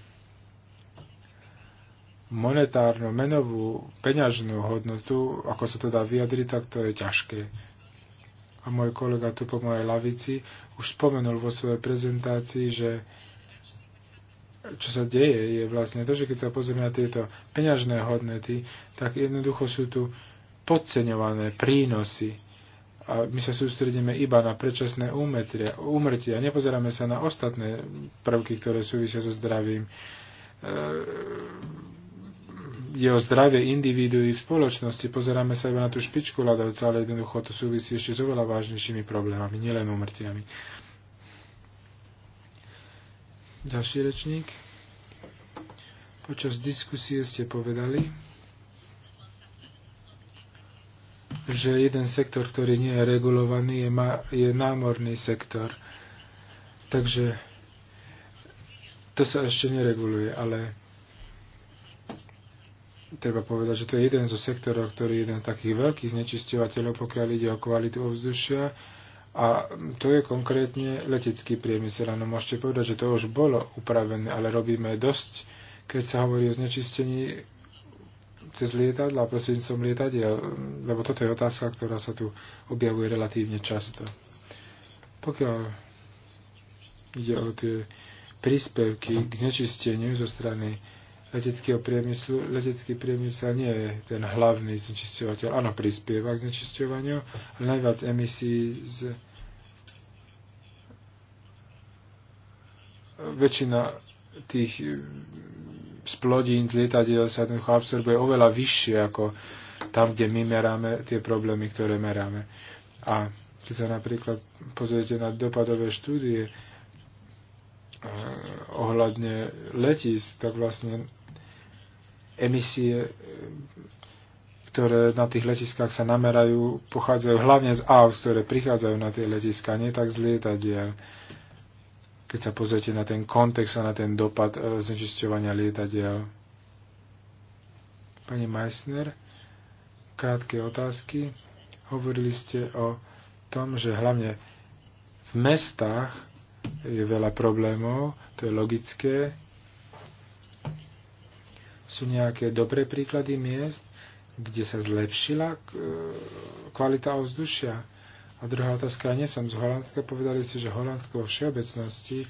monetárnu, menovú, peňažnú hodnotu, ako sa to dá vyjadriť, tak to je ťažké a môj kolega tu po mojej lavici už spomenul vo svojej prezentácii, že čo sa deje, je vlastne to, že keď sa pozrieme na tieto peňažné hodnoty, tak jednoducho sú tu podceňované prínosy a my sa sústredíme iba na predčasné úmrtia, a Nepozeráme sa na ostatné prvky, ktoré súvisia so zdravím. E ide o zdravie individu v spoločnosti. Pozeráme sa iba na tú špičku ľadovca, ale jednoducho to súvisí ešte s oveľa vážnejšími problémami, nielen umrtiami. Ďalší rečník. Počas diskusie ste povedali, že jeden sektor, ktorý nie je regulovaný, je, ma, je námorný sektor. Takže to sa ešte nereguluje, ale treba povedať, že to je jeden zo sektorov, ktorý je jeden z takých veľkých znečisťovateľov, pokiaľ ide o kvalitu ovzdušia. A to je konkrétne letecký priemysel. Áno, môžete povedať, že to už bolo upravené, ale robíme dosť, keď sa hovorí o znečistení cez lietadla, prostredníctvom lietadiel, lebo toto je otázka, ktorá sa tu objavuje relatívne často. Pokiaľ ide o tie príspevky k znečisteniu zo strany leteckého priemyslu. Letecký priemysel nie je ten hlavný znečisťovateľ. Áno, prispieva k znečisťovaniu, ale najviac emisí z... Väčšina tých splodín mm, z lietadiel sa jednoducho absorbuje oveľa vyššie ako tam, kde my meráme tie problémy, ktoré meráme. A keď sa napríklad pozriete na dopadové štúdie, Eh, ohľadne letísk, tak vlastne emisie, eh, ktoré na tých letiskách sa namerajú, pochádzajú hlavne z aut, ktoré prichádzajú na tie letiska, nie tak z lietadiel. Keď sa pozriete na ten kontext a na ten dopad eh, znečisťovania lietadiel. Pani Meissner, krátke otázky. Hovorili ste o tom, že hlavne v mestách je veľa problémov, to je logické. Sú nejaké dobré príklady miest, kde sa zlepšila eh, kvalita ovzdušia. A druhá otázka, ja nie som z Holandska, povedali ste, že Holandsko vo všeobecnosti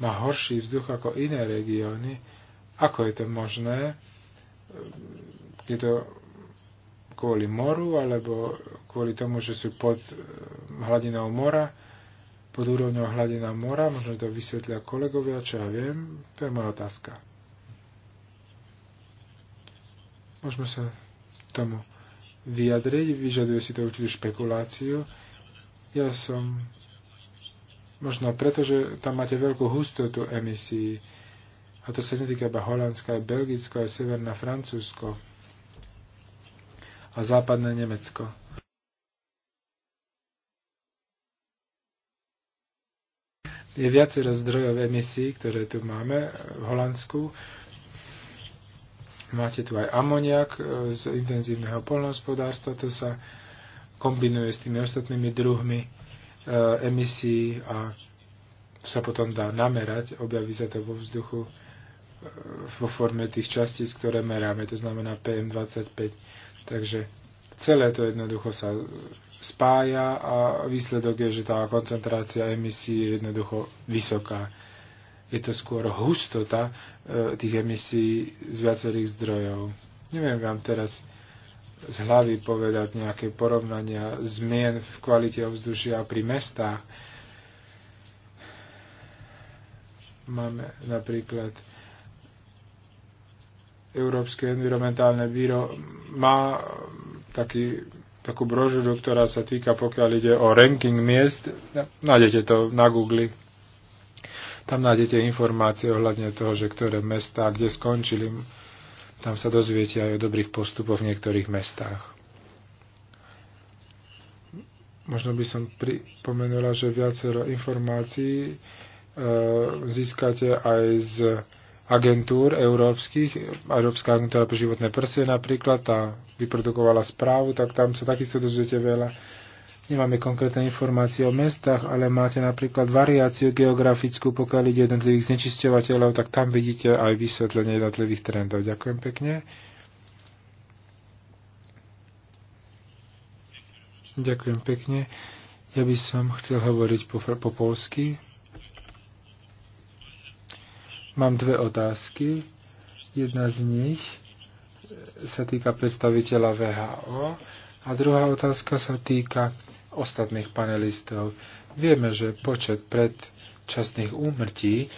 má horší vzduch ako iné regióny. Ako je to možné? Eh, je to kvôli moru alebo kvôli tomu, že sú pod eh, hladinou mora? pod úrovňou hladina mora, možno to vysvetlia kolegovia, čo ja viem, to je moja otázka. Môžeme sa tomu vyjadriť, vyžaduje si to určitú špekuláciu. Ja som, možno preto, že tam máte veľkú hustotu emisí, a to sa netýka iba Holandska, aj Belgicko, aj Severná Francúzsko a západné Nemecko. je viacero zdrojov emisí, ktoré tu máme v Holandsku. Máte tu aj amoniak e, z intenzívneho polnohospodárstva, to sa kombinuje s tými ostatnými druhmi e, emisí a sa potom dá namerať, objaví sa to vo vzduchu e, vo forme tých častíc, ktoré meráme, to znamená PM25. Takže celé to jednoducho sa spája a výsledok je, že tá koncentrácia emisí je jednoducho vysoká. Je to skôr hustota e, tých emisí z viacerých zdrojov. Neviem vám teraz z hlavy povedať nejaké porovnania zmien v kvalite ovzdušia pri mestách. Máme napríklad Európske environmentálne víro má taký takú brožuru, ktorá sa týka, pokiaľ ide o ranking miest. Nájdete to na Google. Tam nájdete informácie ohľadne toho, že ktoré mesta, kde skončili. Tam sa dozviete aj o dobrých postupoch v niektorých mestách. Možno by som pripomenula, že viacero informácií e, získate aj z agentúr európskych, Európska agentúra pre životné prsie napríklad, tá vyprodukovala správu, tak tam sa takisto dozviete veľa. Nemáme konkrétne informácie o mestách, ale máte napríklad variáciu geografickú, pokiaľ ide jednotlivých znečisťovateľov, tak tam vidíte aj vysvetlenie jednotlivých trendov. Ďakujem pekne. Ďakujem pekne. Ja by som chcel hovoriť po, po polsky. Mám dve otázky. Jedna z nich sa týka predstaviteľa VHO a druhá otázka sa týka ostatných panelistov. Vieme, že počet predčasných úmrtí,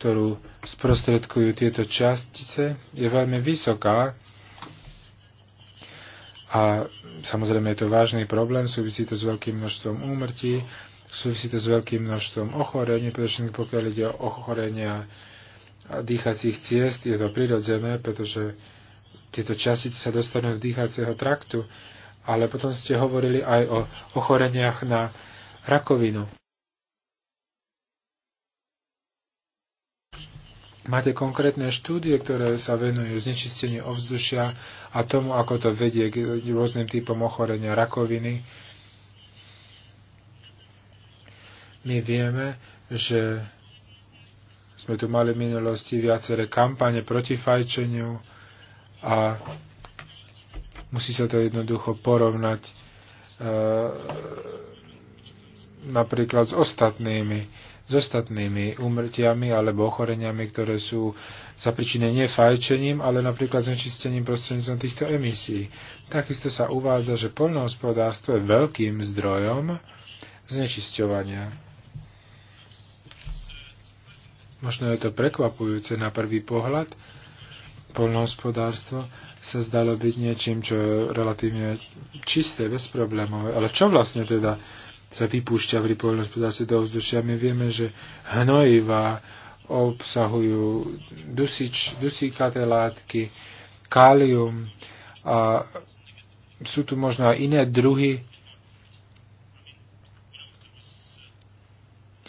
ktorú sprostredkujú tieto častice, je veľmi vysoká a samozrejme je to vážny problém, súvisí to s veľkým množstvom úmrtí, súvisí to s veľkým množstvom ochorení, pretože pokiaľ ide o ochorenia dýchacích ciest. Je to prirodzené, pretože tieto častice sa dostanú do dýchacieho traktu, ale potom ste hovorili aj o ochoreniach na rakovinu. Máte konkrétne štúdie, ktoré sa venujú znečisteniu ovzdušia a tomu, ako to vedie k rôznym typom ochorenia rakoviny. My vieme, že sme tu mali v minulosti viaceré kampane proti fajčeniu a musí sa to jednoducho porovnať e, napríklad s ostatnými, s ostatnými umrtiami alebo ochoreniami, ktoré sú zapričinené nie fajčením, ale napríklad znečistením prostredníctvom týchto emisí. Takisto sa uvádza, že poľnohospodárstvo je veľkým zdrojom znečisťovania možno je to prekvapujúce na prvý pohľad, polnohospodárstvo sa zdalo byť niečím, čo je relatívne čisté, bezproblémové. Ale čo vlastne teda sa vypúšťa pri polnohospodárstve do ovzdušia? My vieme, že hnojivá obsahujú dusič, dusíkaté látky, kálium a sú tu možno aj iné druhy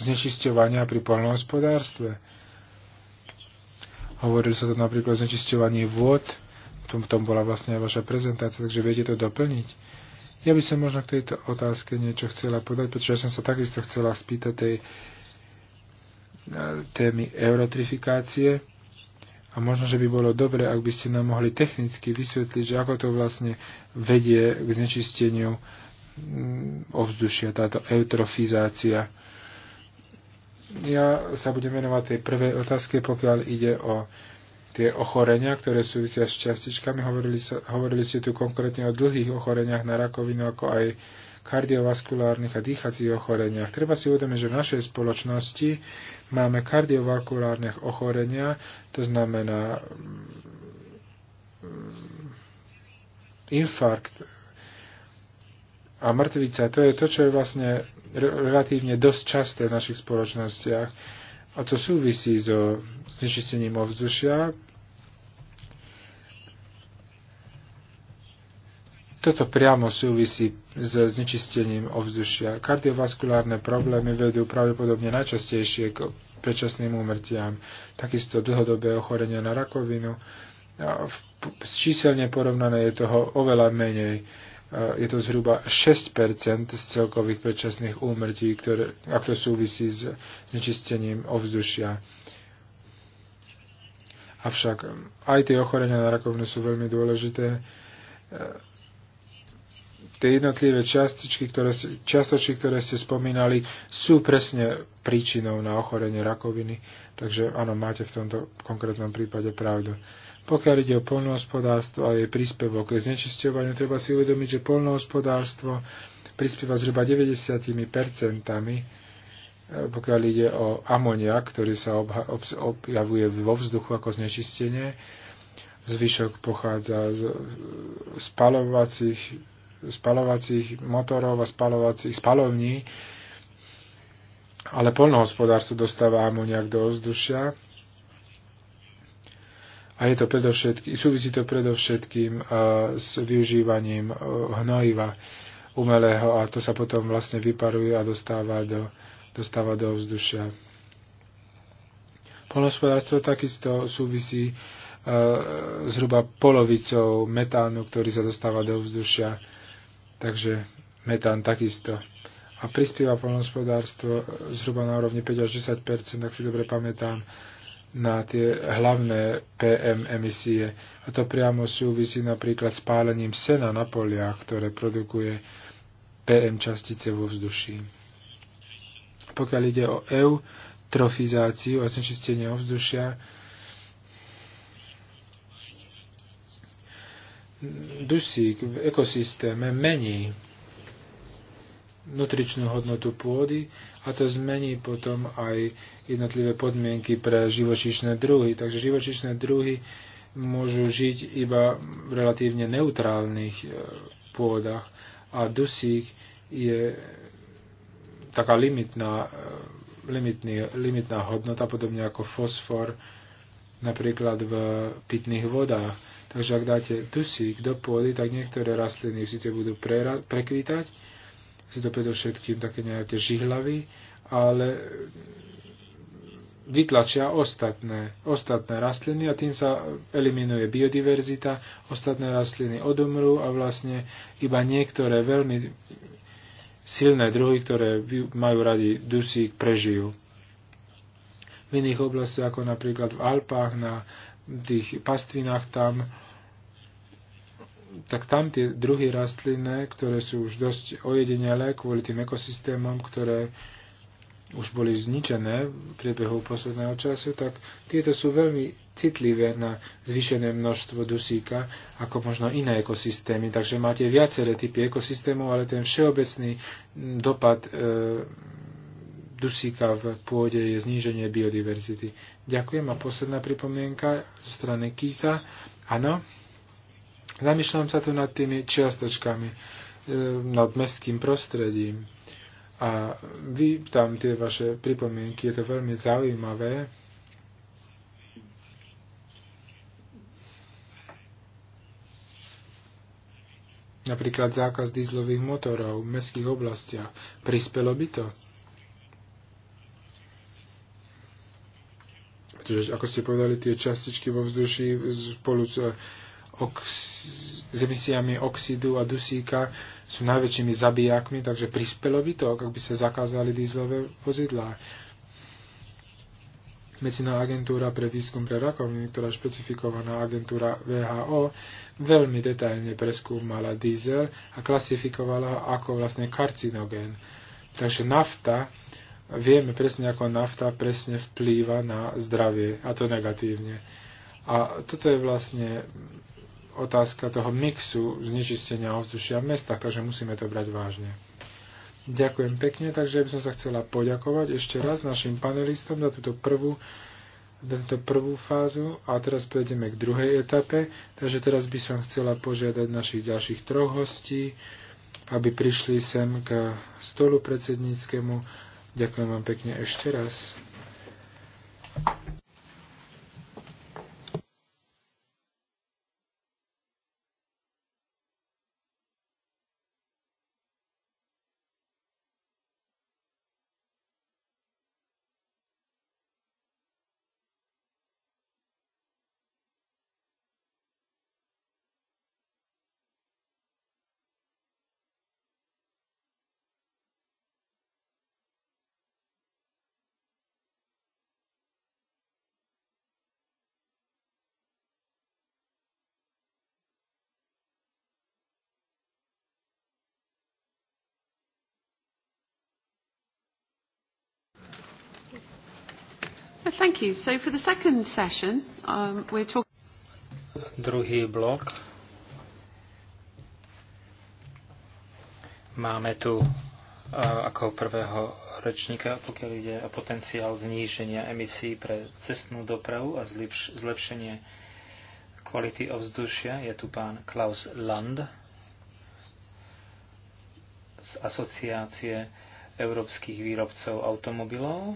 znečisťovania pri poľnohospodárstve. Hovorili sa to napríklad o znečisťovaní vôd, tom, tom bola vlastne aj vaša prezentácia, takže viete to doplniť. Ja by som možno k tejto otázke niečo chcela podať, pretože ja som sa takisto chcela spýtať tej e, témy eurotrifikácie a možno, že by bolo dobre, ak by ste nám mohli technicky vysvetliť, že ako to vlastne vedie k znečisteniu mm, ovzdušia, táto eutrofizácia. Ja sa budem venovať tej prvej otázke, pokiaľ ide o tie ochorenia, ktoré súvisia s častičkami. Hovorili, sa, hovorili ste tu konkrétne o dlhých ochoreniach na rakovinu, ako aj kardiovaskulárnych a dýchacích ochoreniach. Treba si uvedomiť, že v našej spoločnosti máme kardiovaskulárne ochorenia, to znamená mm, mm, infarkt a mŕtvica. To je to, čo je vlastne relatívne dosť časté v našich spoločnostiach. A to súvisí so znečistením ovzdušia. Toto priamo súvisí s znečistením ovzdušia. Kardiovaskulárne problémy vedú pravdepodobne najčastejšie k predčasným úmrtiam. Takisto dlhodobé ochorenia na rakovinu. A v, číselne porovnané je toho oveľa menej je to zhruba 6% z celkových predčasných úmrtí, ktoré, a to súvisí s znečistením ovzdušia. Avšak aj tie ochorenia na rakovinu sú veľmi dôležité. Tie jednotlivé častičky, ktoré, častočky, ktoré ste spomínali, sú presne príčinou na ochorenie rakoviny. Takže áno, máte v tomto konkrétnom prípade pravdu. Pokiaľ ide o polnohospodárstvo a jej príspevok k znečisťovaniu, treba si uvedomiť, že polnohospodárstvo prispieva zhruba 90 e, pokiaľ ide o amoniak, ktorý sa objavuje vo vzduchu ako znečistenie. Zvyšok pochádza z e, spalovacích, spalovacích motorov a spalovacích spalovní, ale polnohospodárstvo dostáva amoniak do vzdušia. A je to predovšetkým, súvisí to predovšetkým eh, s využívaním eh, hnojiva umelého a to sa potom vlastne vyparuje a dostáva do, dostáva do vzdušia. Polnospodárstvo takisto súvisí eh, zhruba polovicou metánu, ktorý sa dostáva do vzdušia. Takže metán takisto. A prispieva polnospodárstvo zhruba na úrovni 5 až 10 ak si dobre pamätám, na tie hlavné PM emisie. A to priamo súvisí napríklad s pálením sena na poliach, ktoré produkuje PM častice vo vzduší. Pokiaľ ide o eutrofizáciu a znečistenie ovzdušia, dusík v ekosystéme mení nutričnú hodnotu pôdy a to zmení potom aj jednotlivé podmienky pre živočíšne druhy. Takže živočíšne druhy môžu žiť iba v relatívne neutrálnych e, pôdach a dusík je taká limitná, e, limitný, limitná hodnota, podobne ako fosfor napríklad v pitných vodách. Takže ak dáte dusík do pôdy, tak niektoré rastliny síce budú pre, prekvítať, sú to predovšetkým také nejaké žihlavy, ale vytlačia ostatné, ostatné rastliny a tým sa eliminuje biodiverzita, ostatné rastliny odomrú a vlastne iba niektoré veľmi silné druhy, ktoré majú radi dusík, prežijú. V iných oblastiach, ako napríklad v Alpách, na tých pastvinách tam tak tam tie druhy rastlinné, ktoré sú už dosť ojedinelé kvôli tým ekosystémom, ktoré už boli zničené v priebehu posledného času, tak tieto sú veľmi citlivé na zvýšené množstvo dusíka, ako možno iné ekosystémy. Takže máte viaceré typy ekosystémov, ale ten všeobecný dopad e, dusíka v pôde je zníženie biodiverzity. Ďakujem a posledná pripomienka zo strany Kýta. Áno. Zamýšľam sa tu nad tými čiastočkami, e, nad mestským prostredím. A vy tam tie vaše pripomienky, je to veľmi zaujímavé. Napríklad zákaz dýzlových motorov v mestských oblastiach. Prispelo by to? Pretože, ako ste povedali, tie častičky vo vzduši spolu s ox- s emisiami oxidu a dusíka sú najväčšími zabijakmi, takže prispelo by to, ak by sa zakázali dýzlové vozidlá. Medziná agentúra pre výskum pre rakoviny, ktorá špecifikovaná agentúra VHO, veľmi detailne preskúmala diesel a klasifikovala ho ako vlastne karcinogén. Takže nafta, vieme presne ako nafta presne vplýva na zdravie a to negatívne. A toto je vlastne otázka toho mixu znečistenia ovzdušia v mestách, takže musíme to brať vážne. Ďakujem pekne, takže by som sa chcela poďakovať ešte raz našim panelistom za túto prvú, za túto prvú fázu a teraz prejdeme k druhej etape. Takže teraz by som chcela požiadať našich ďalších troch hostí, aby prišli sem k stolu predsedníckému. Ďakujem vám pekne ešte raz. you. So for the second session, um, we're talking... Druhý blok. Máme tu uh, ako prvého rečníka, pokiaľ ide o potenciál zníženia emisí pre cestnú dopravu a zlepš- zlepšenie kvality ovzdušia, je tu pán Klaus Land z Asociácie európskych výrobcov automobilov,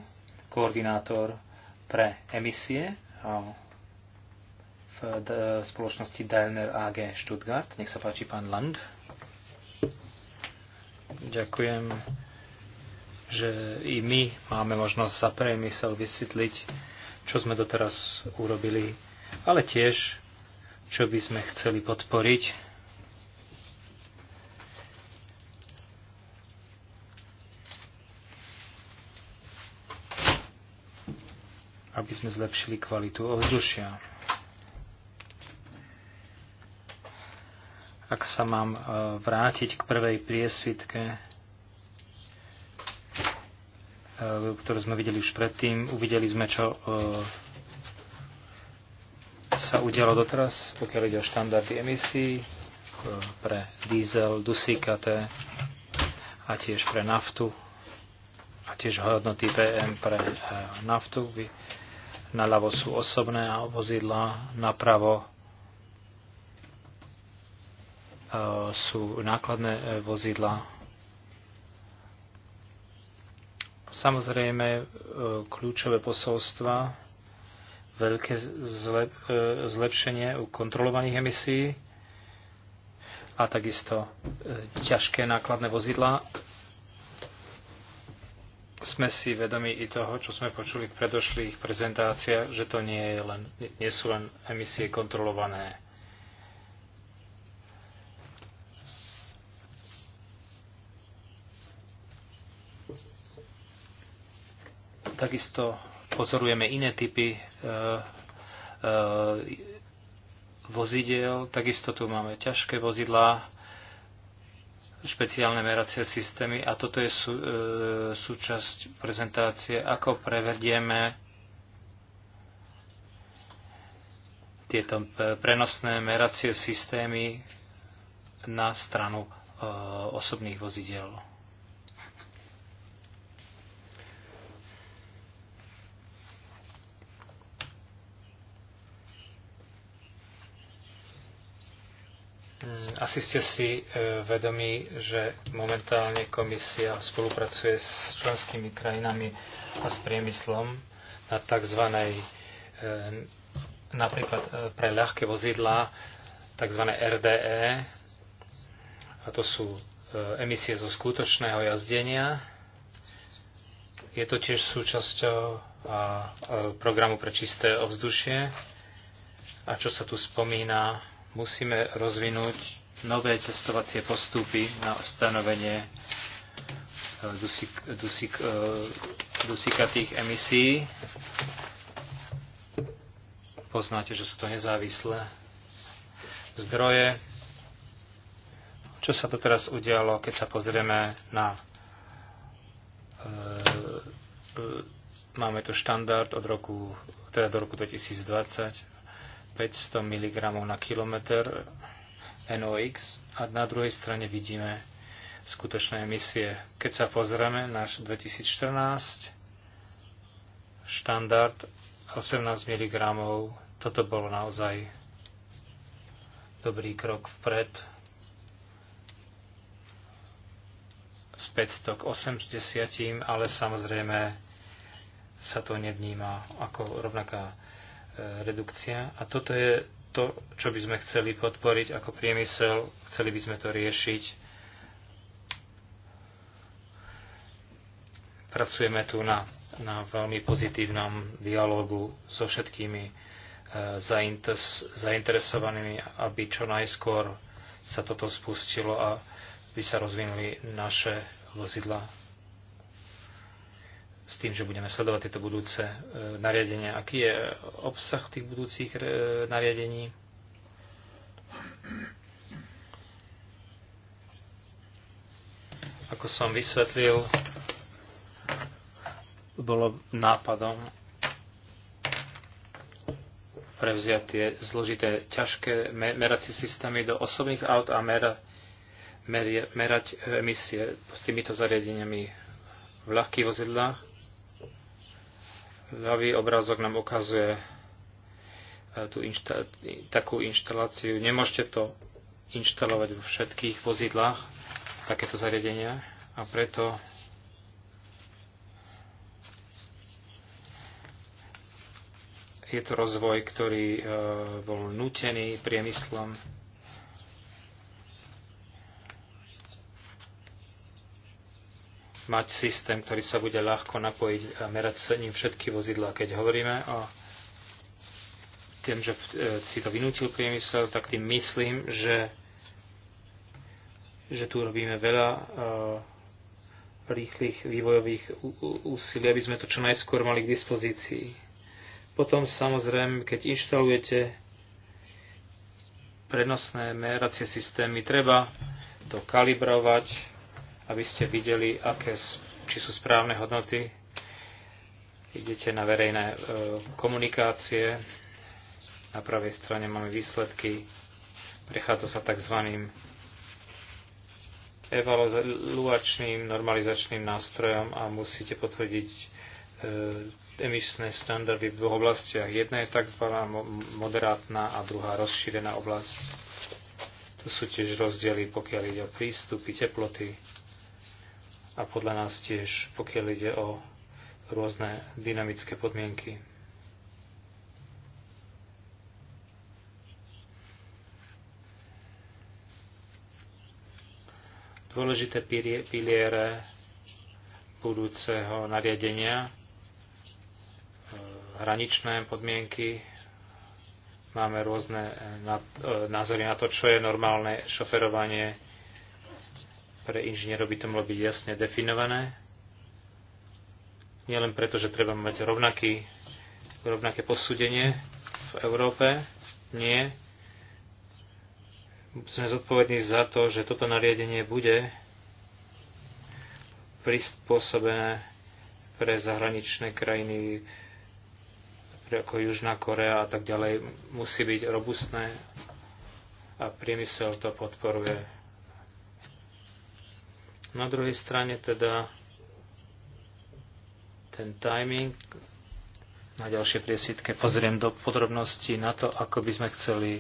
koordinátor pre emisie v spoločnosti Daimler AG Stuttgart. Nech sa páči, pán Land. Ďakujem, že i my máme možnosť za priemysel vysvetliť, čo sme doteraz urobili, ale tiež, čo by sme chceli podporiť aby sme zlepšili kvalitu ovzdušia. Ak sa mám e, vrátiť k prvej priesvitke, e, ktorú sme videli už predtým, uvideli sme, čo e, sa udialo doteraz, pokiaľ ide o štandardy emisí pre diesel, dusíkaté a tiež pre naftu a tiež hodnoty PM pre naftu. Naľavo sú osobné vozidla, napravo e, sú nákladné e, vozidla. Samozrejme, e, kľúčové posolstva, veľké zlep, zlepšenie u kontrolovaných emisí a takisto ťažké nákladné vozidla sme si vedomi i toho, čo sme počuli v predošlých prezentáciách, že to nie, je len, nie sú len emisie kontrolované. Takisto pozorujeme iné typy e, e, vozidiel, takisto tu máme ťažké vozidlá, špeciálne meracie systémy a toto je sú, e, súčasť prezentácie, ako prevedieme tieto prenosné meracie systémy na stranu e, osobných vozidel. Asi ste si e, vedomi, že momentálne komisia spolupracuje s členskými krajinami a s priemyslom na tzv. E, napríklad e, pre ľahké vozidlá tzv. RDE, a to sú emisie zo skutočného jazdenia. Je to tiež súčasťou programu pre čisté ovzdušie. A čo sa tu spomína, musíme rozvinúť nové testovacie postupy na stanovenie eh, dusik, dusik, eh, dusikatých emisí. Poznáte, že sú to nezávislé zdroje. Čo sa to teraz udialo, keď sa pozrieme na... Eh, máme tu štandard od roku, teda do roku 2020 500 mg na kilometr NOx a na druhej strane vidíme skutočné emisie. Keď sa pozrieme na 2014, štandard 18 mg, toto bolo naozaj dobrý krok vpred. Z 500 k 80, ale samozrejme sa to nevníma ako rovnaká e, redukcia. A toto je to, čo by sme chceli podporiť ako priemysel, chceli by sme to riešiť. Pracujeme tu na, na veľmi pozitívnom dialogu so všetkými e, zainteresovanými, aby čo najskôr sa toto spustilo a by sa rozvinuli naše vozidla s tým, že budeme sledovať tieto budúce e, nariadenia. Aký je obsah tých budúcich e, nariadení? Ako som vysvetlil, bolo nápadom prevziať tie zložité, ťažké meracie systémy do osobných aut a mera, merie, merať e, emisie s týmito zariadeniami v ľahkých vozidlách Ľavý obrázok nám ukazuje e, tú inšta- takú inštaláciu. Nemôžete to inštalovať vo všetkých vozidlách, takéto zariadenia, a preto je to rozvoj, ktorý e, bol nutený priemyslom mať systém, ktorý sa bude ľahko napojiť a merať s ním všetky vozidlá. Keď hovoríme o tým, že e, si to vynútil priemysel, tak tým myslím, že, že tu robíme veľa e, rýchlych vývojových úsilí, aby sme to čo najskôr mali k dispozícii. Potom samozrejme, keď inštalujete prenosné meracie systémy, treba to kalibrovať, aby ste videli, aké, či sú správne hodnoty. Idete na verejné e, komunikácie. Na pravej strane máme výsledky. Prechádza sa tzv. evaluačným, normalizačným nástrojom a musíte potvrdiť e, emisné standardy v dvoch oblastiach. Jedna je tzv. moderátna a druhá rozšírená oblasť. Tu sú tiež rozdiely, pokiaľ ide o prístupy, teploty, a podľa nás tiež, pokiaľ ide o rôzne dynamické podmienky. Dôležité piliere budúceho nariadenia, e, hraničné podmienky, máme rôzne e, e, názory na to, čo je normálne šoferovanie pre inžinierov by to malo byť jasne definované. Nie len preto, že treba mať rovnaký, rovnaké posúdenie v Európe. Nie. Sme zodpovední za to, že toto nariadenie bude prispôsobené pre zahraničné krajiny ako Južná Korea a tak ďalej musí byť robustné a priemysel to podporuje. Na druhej strane teda ten timing na ďalšej priesvitke pozriem do podrobností na to, ako by sme chceli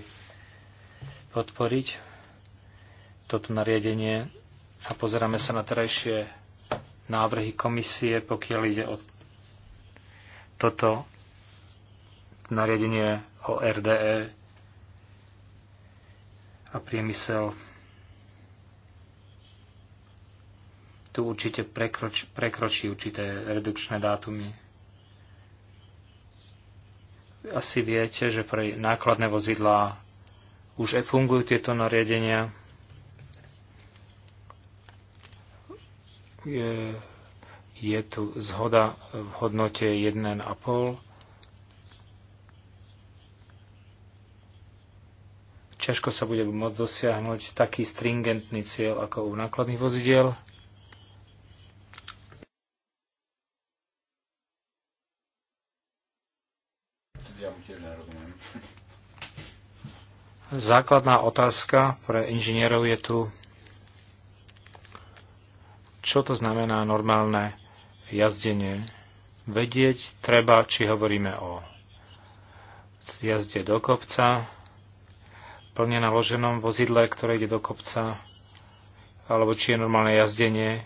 podporiť toto nariadenie a pozeráme sa na terajšie návrhy komisie, pokiaľ ide o toto nariadenie o RDE a priemysel tu určite prekroč, prekročí určité redukčné dátumy. Asi viete, že pre nákladné vozidlá už aj fungujú tieto nariadenia. Je, je tu zhoda v hodnote 1,5. Ťažko sa bude môcť dosiahnuť taký stringentný cieľ ako u nákladných vozidiel. Základná otázka pre inžinierov je tu, čo to znamená normálne jazdenie. Vedieť treba, či hovoríme o jazde do kopca, plne naloženom vozidle, ktoré ide do kopca, alebo či je normálne jazdenie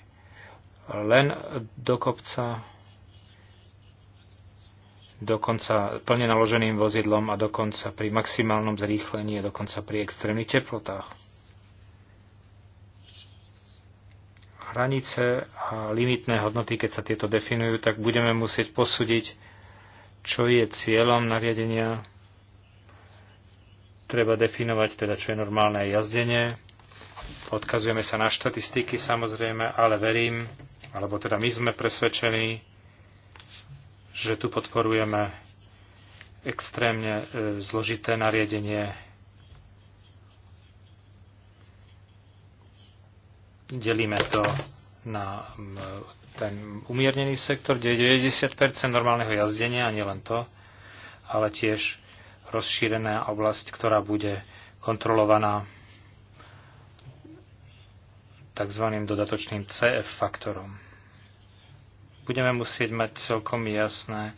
len do kopca, dokonca plne naloženým vozidlom a dokonca pri maximálnom zrýchlení a dokonca pri extrémnych teplotách. Hranice a limitné hodnoty, keď sa tieto definujú, tak budeme musieť posúdiť, čo je cieľom nariadenia. Treba definovať teda, čo je normálne jazdenie. Odkazujeme sa na štatistiky samozrejme, ale verím, alebo teda my sme presvedčení, že tu podporujeme extrémne e, zložité nariadenie delíme to na ten umiernený sektor, kde je 90% normálneho jazdenia, a nielen to, ale tiež rozšírená oblasť, ktorá bude kontrolovaná tzv. dodatočným CF faktorom budeme musieť mať celkom jasné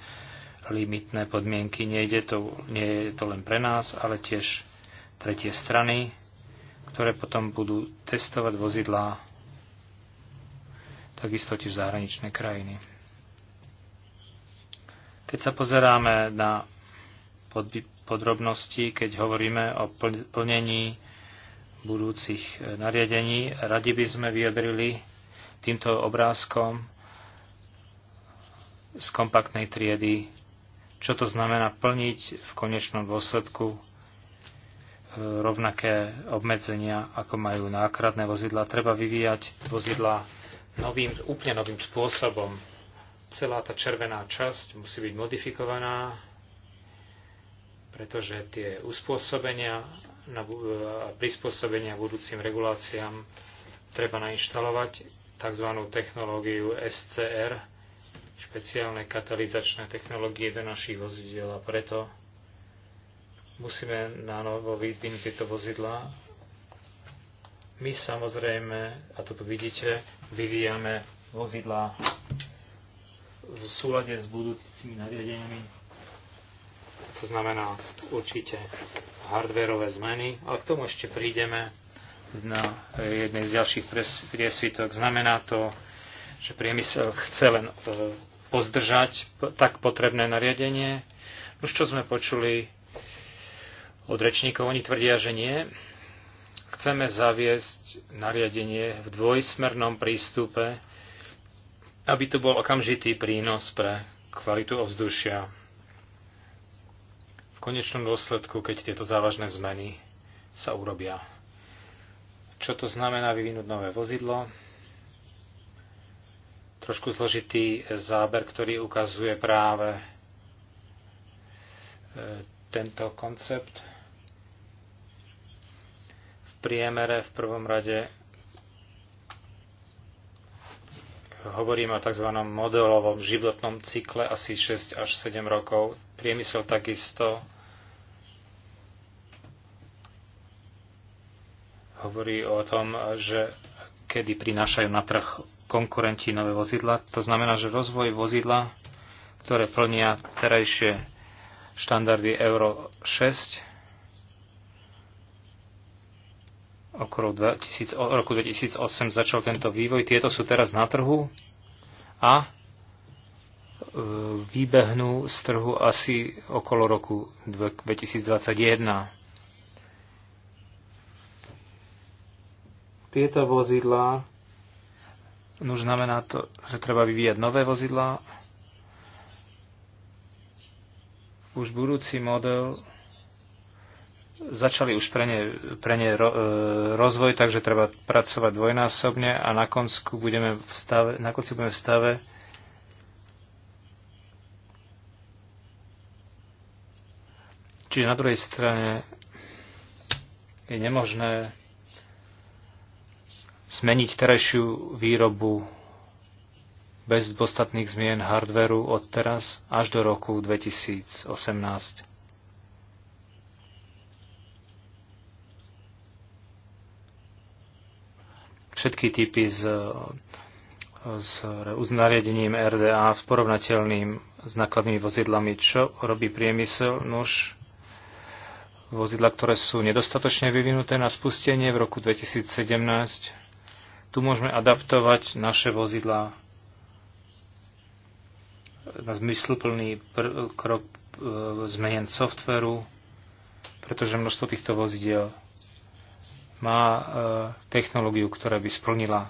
limitné podmienky. Nie, je, to, nie je to len pre nás, ale tiež tretie strany, ktoré potom budú testovať vozidlá takisto tiež zahraničné krajiny. Keď sa pozeráme na podrobnosti, keď hovoríme o plnení budúcich eh, nariadení. Radi by sme vyjadrili týmto obrázkom z kompaktnej triedy, čo to znamená plniť v konečnom dôsledku e, rovnaké obmedzenia, ako majú nákladné vozidla. Treba vyvíjať vozidla novým, úplne novým spôsobom. Celá tá červená časť musí byť modifikovaná, pretože tie uspôsobenia a prispôsobenia budúcim reguláciám treba nainštalovať tzv. technológiu SCR, špeciálne katalizačné technológie do našich vozidiel a preto musíme na novo vyvinúť tieto vozidlá. My samozrejme, a toto tu vidíte, vyvíjame vozidlá v súlade s budúcimi nariadeniami. To znamená určite hardverové zmeny, ale k tomu ešte prídeme na jednej z ďalších priesvitok. Znamená to že priemysel chce len e, pozdržať tak potrebné nariadenie. Už čo sme počuli od rečníkov, oni tvrdia, že nie. Chceme zaviesť nariadenie v dvojsmernom prístupe, aby tu bol okamžitý prínos pre kvalitu ovzdušia. V konečnom dôsledku, keď tieto závažné zmeny sa urobia. Čo to znamená vyvinúť nové vozidlo? trošku zložitý záber, ktorý ukazuje práve e, tento koncept. V priemere v prvom rade hovorím o tzv. modelovom životnom cykle asi 6 až 7 rokov. Priemysel takisto hovorí o tom, že kedy prinášajú na trh konkurenti nové vozidla. To znamená, že rozvoj vozidla, ktoré plnia terajšie štandardy Euro 6, okolo 2000, roku 2008 začal tento vývoj. Tieto sú teraz na trhu a e, vybehnú z trhu asi okolo roku 2021. Tieto vozidlá Nuž no, znamená to, že treba vyvíjať nové vozidlá. Už budúci model začali už pre ne, pre ne ro, e, rozvoj, takže treba pracovať dvojnásobne a na, koncu budeme v stave, na konci budeme v stave Čiže na druhej strane je nemožné zmeniť terajšiu výrobu bez podstatných zmien hardveru od teraz až do roku 2018. Všetky typy s, s uznariadením RDA v porovnateľným s nákladnými vozidlami, čo robí priemysel, nož vozidla, ktoré sú nedostatočne vyvinuté na spustenie v roku 2017 tu môžeme adaptovať naše vozidla na zmysluplný krok e, zmenen softveru, pretože množstvo týchto vozidiel má e, technológiu, ktorá by splnila e,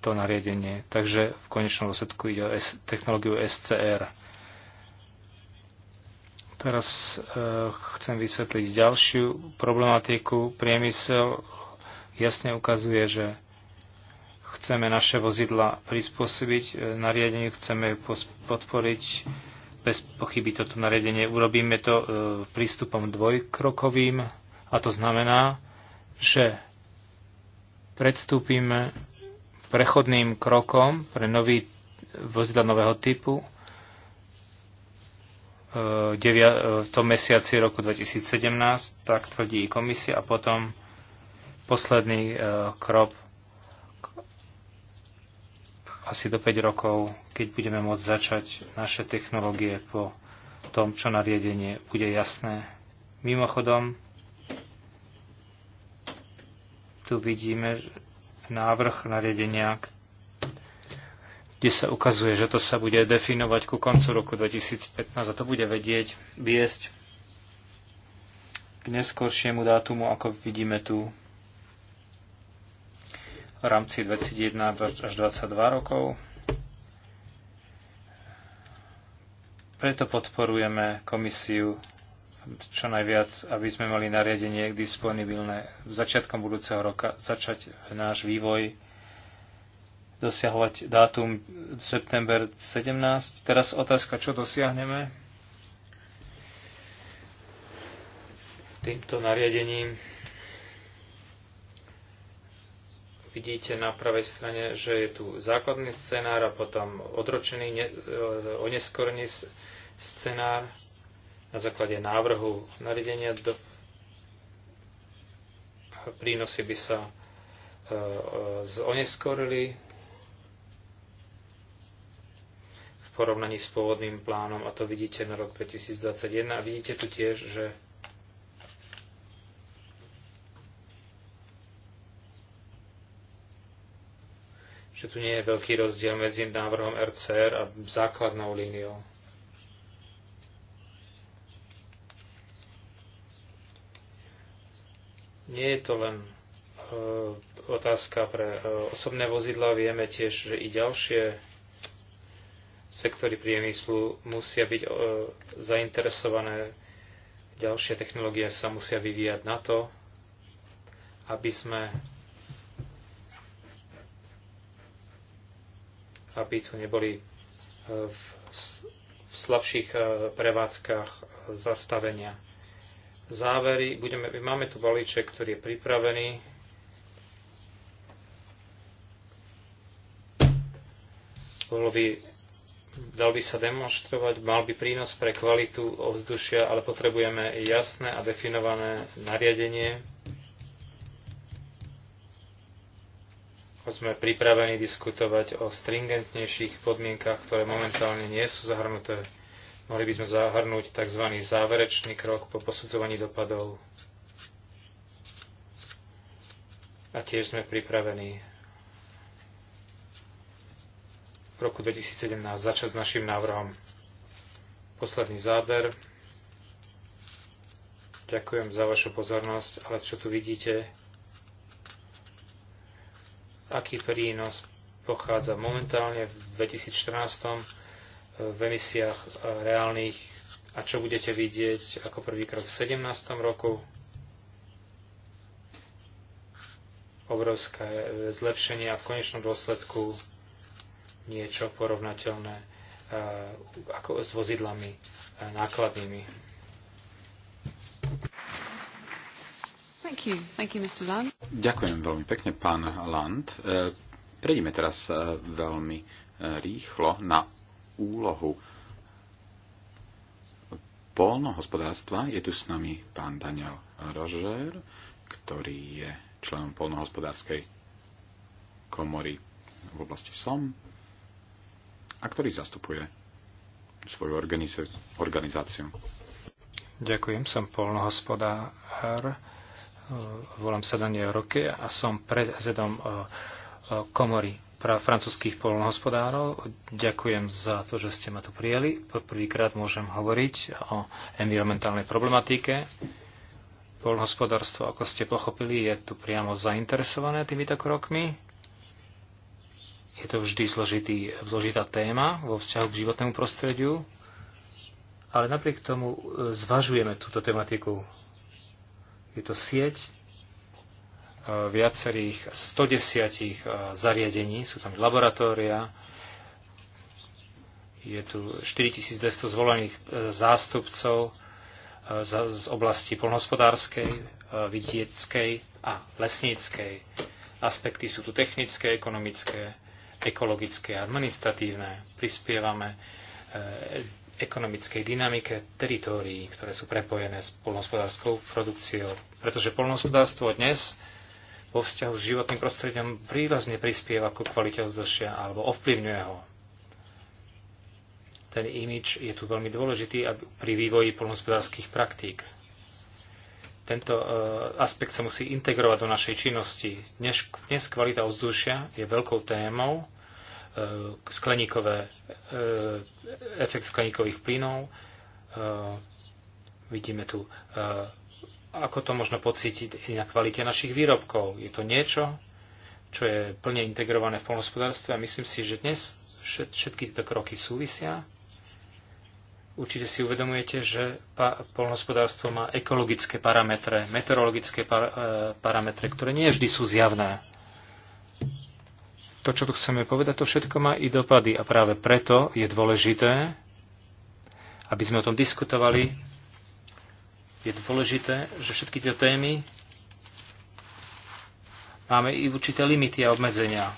to nariadenie. Takže v konečnom dôsledku ide o technológiu SCR. Teraz chcem vysvetliť ďalšiu problematiku. Priemysel jasne ukazuje, že Chceme naše vozidla prispôsobiť e, nariadeniu, chceme podporiť bez pochyby toto nariadenie. Urobíme to e, prístupom dvojkrokovým a to znamená, že predstúpime prechodným krokom pre nový vozidla nového typu e, v tom mesiaci roku 2017, tak tvrdí komisia, a potom posledný krok asi do 5 rokov, keď budeme môcť začať naše technológie po tom, čo nariadenie bude jasné. Mimochodom, tu vidíme návrh nariadenia, kde sa ukazuje, že to sa bude definovať ku koncu roku 2015 a to bude vedieť, viesť k neskoršiemu dátumu, ako vidíme tu v rámci 21 až 22 rokov. Preto podporujeme komisiu čo najviac, aby sme mali nariadenie disponibilné začiatkom budúceho roka, začať náš vývoj, dosiahovať dátum september 17. Teraz otázka, čo dosiahneme týmto nariadením vidíte na pravej strane, že je tu základný scenár a potom odročený, ne, e, oneskorný scenár na základe návrhu nariadenia do prínosy by sa e, e, zoneskorili v porovnaní s pôvodným plánom a to vidíte na rok 2021 a vidíte tu tiež, že že tu nie je veľký rozdiel medzi návrhom RCR a základnou líniou. Nie je to len e, otázka pre e, osobné vozidla, vieme tiež, že i ďalšie sektory priemyslu musia byť e, zainteresované, ďalšie technológie sa musia vyvíjať na to, aby sme aby tu neboli e, v, slabších e, prevádzkach e, zastavenia. Závery, budeme, máme tu balíček, ktorý je pripravený. Bolo by, dal by sa demonstrovať, mal by prínos pre kvalitu ovzdušia, ale potrebujeme jasné a definované nariadenie, sme pripravení diskutovať o stringentnejších podmienkach, ktoré momentálne nie sú zahrnuté. Mohli by sme zahrnúť tzv. záverečný krok po posudzovaní dopadov. A tiež sme pripravení v roku 2017 začať s našim návrhom. Posledný záber. Ďakujem za vašu pozornosť, ale čo tu vidíte, aký prínos pochádza momentálne v 2014 v emisiách eh, reálnych a čo budete vidieť ako prvý krok v 17. roku. Obrovské eh, zlepšenie a v konečnom dôsledku niečo porovnateľné eh, ako s vozidlami nákladnými. Thank you. Thank you, Mr. Land. Ďakujem veľmi pekne, pán Land. E, prejdeme teraz e, veľmi e, rýchlo na úlohu polnohospodárstva. Je tu s nami pán Daniel Rožer, ktorý je členom polnohospodárskej komory v oblasti SOM a ktorý zastupuje svoju organizáciu. Ďakujem, som polnohospodár Eh, volám sa Daniel Roke a som predsedom eh, eh, komory francúzských polnohospodárov. Ďakujem za to, že ste ma tu prijeli. Prvýkrát môžem hovoriť o environmentálnej problematike. Polnohospodárstvo, ako ste pochopili, je tu priamo zainteresované týmito krokmi. Je to vždy zložitý, zložitá téma vo vzťahu k životnému prostrediu, ale napriek tomu zvažujeme túto tematiku je to sieť e, viacerých 110 e, zariadení, sú tam laboratória, je tu 4200 zvolených e, zástupcov z oblasti polnohospodárskej, vidieckej a lesníckej. Aspekty sú tu technické, ekonomické, ekologické a administratívne. Prispievame ekonomickej dynamike teritórií, ktoré sú prepojené s polnohospodárskou produkciou. Pretože polnohospodárstvo dnes vo vzťahu s životným prostredím prírazne prispieva ku kvalite ovzdušia alebo ovplyvňuje ho. Ten imič je tu veľmi dôležitý pri vývoji polnohospodárských praktík. Tento e, aspekt sa musí integrovať do našej činnosti. Dnes, dnes kvalita ozdušia je veľkou témou E, skleníkové, e, efekt skleníkových plynov. E, vidíme tu, ako to možno pocítiť i na kvalite našich výrobkov. Je to niečo, čo je plne integrované v polnospodárstve a myslím si, že dnes všetky tieto kroky súvisia. Určite si uvedomujete, že polnospodárstvo má ekologické parametre, meteorologické parametre, ktoré nie vždy sú zjavné to, čo tu chceme povedať, to všetko má i dopady a práve preto je dôležité, aby sme o tom diskutovali, je dôležité, že všetky tie témy máme i určité limity a obmedzenia,